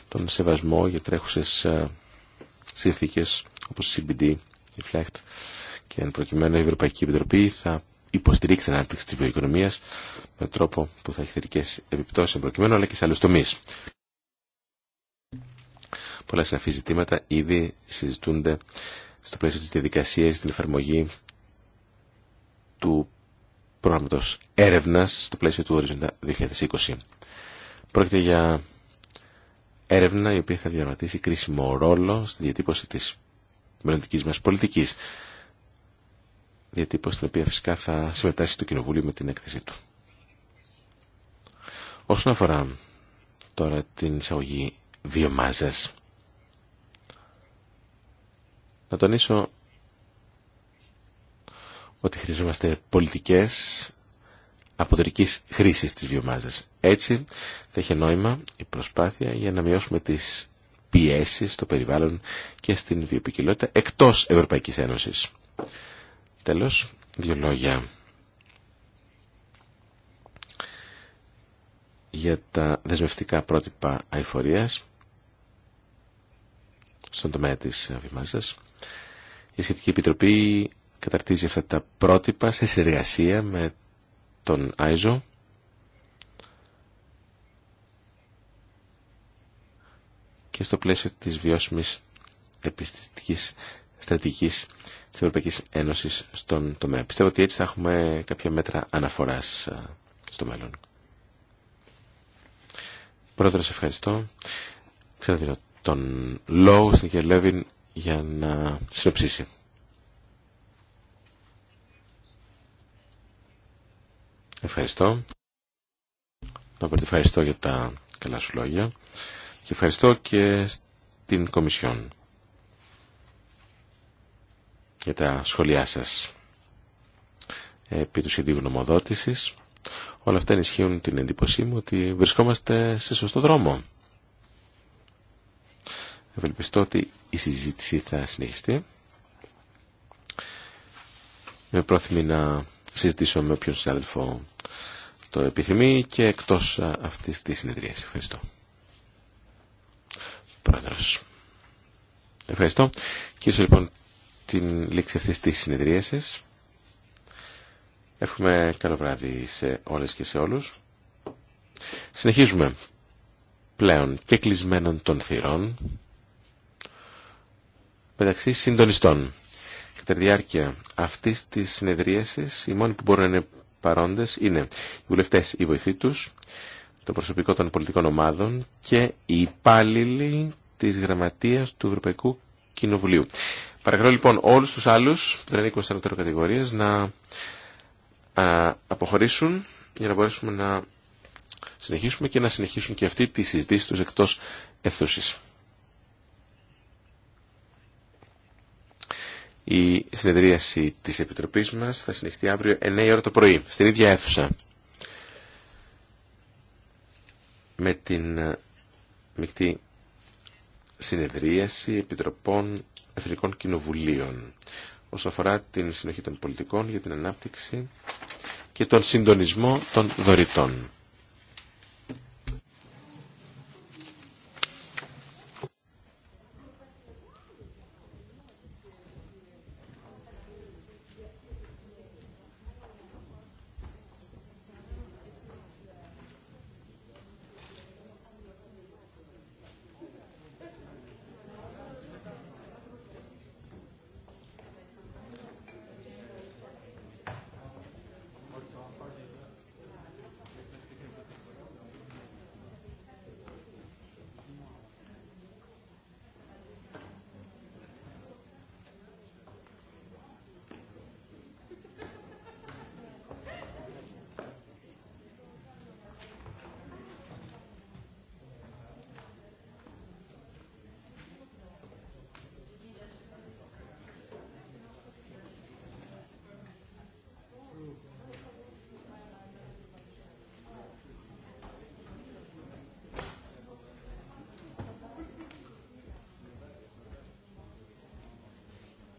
[SPEAKER 4] τον σεβασμό για τρέχουσες ε, συνθήκες όπως η CBD, η FLECT και εν προκειμένου η Ευρωπαϊκή Επιτροπή θα υποστηρίξει την ανάπτυξη της βιοοικονομίας με τρόπο που θα έχει θετικές επιπτώσεις εν προκειμένου αλλά και σε άλλους τομείς. Πολλά συναφή ζητήματα ήδη συζητούνται στο πλαίσιο της διαδικασίας, στην εφαρμογή του προγράμματος έρευνας στο πλαίσιο του Οριζοντα 2020. Πρόκειται για έρευνα η οποία θα διαβατήσει κρίσιμο ρόλο στη διατύπωση της μελλοντική μας πολιτική. Διατύπωση την οποία φυσικά θα συμμετάσχει το Κοινοβούλιο με την έκθεσή του. Όσον αφορά τώρα την εισαγωγή βιομάζας, να τονίσω ότι χρειαζόμαστε πολιτικές αποτερικής χρήσης της βιομάζας. Έτσι θα έχει νόημα η προσπάθεια για να μειώσουμε τις πιέσεις στο περιβάλλον και στην βιοποικιλότητα εκτός Ευρωπαϊκής Ένωσης. Τέλος, δύο λόγια για τα δεσμευτικά πρότυπα αηφορίας στον τομέα της βιομάζας. Η Σχετική Επιτροπή καταρτίζει αυτά τα πρότυπα σε συνεργασία με τον Άιζο και στο πλαίσιο της βιώσιμης επιστημικής στρατηγικής της Ευρωπαϊκής Ένωσης στον τομέα. Πιστεύω ότι έτσι θα έχουμε κάποια μέτρα αναφοράς στο μέλλον. Πρόεδρε, σε ευχαριστώ. Ξαναδίνω τον λόγο στην κυρία για να συνοψίσει. Ευχαριστώ. ευχαριστώ για τα καλά σου λόγια και ευχαριστώ και στην Κομισιόν για τα σχόλιά σας επί του σχεδίου νομοδότησης. Όλα αυτά ενισχύουν την εντύπωσή μου ότι βρισκόμαστε σε σωστό δρόμο. Ευελπιστώ ότι η συζήτηση θα συνεχιστεί. Με πρόθυμη να συζητήσω με όποιον συνάδελφο το επιθυμεί και εκτός αυτής της συνεδρίας. Ευχαριστώ. Πρόεδρος. Ευχαριστώ. Κύριε λοιπόν την λήξη αυτής της συνεδρίασης. Εύχομαι καλό βράδυ σε όλες και σε όλους. Συνεχίζουμε πλέον και κλεισμένων των θυρών μεταξύ συντονιστών. Κατά τη διάρκεια αυτή τη συνεδρίαση, οι μόνοι που μπορούν να είναι παρόντε είναι οι βουλευτέ, οι βοηθοί του, το προσωπικό των πολιτικών ομάδων και οι υπάλληλοι τη Γραμματεία του Ευρωπαϊκού Κοινοβουλίου. Παρακαλώ λοιπόν όλου του άλλου που δεν ανήκουν σε κατηγορίε να αποχωρήσουν για να μπορέσουμε να συνεχίσουμε και να συνεχίσουν και αυτή τη συζήτηση του εκτό αιθούση. Η συνεδρίαση της Επιτροπής μας θα συνεχιστεί αύριο 9 ώρα το πρωί, στην ίδια αίθουσα. Με την ε, μεικτή συνεδρίαση Επιτροπών Εθνικών Κοινοβουλίων όσον αφορά την συνοχή των πολιτικών για την ανάπτυξη και τον συντονισμό των δωρητών.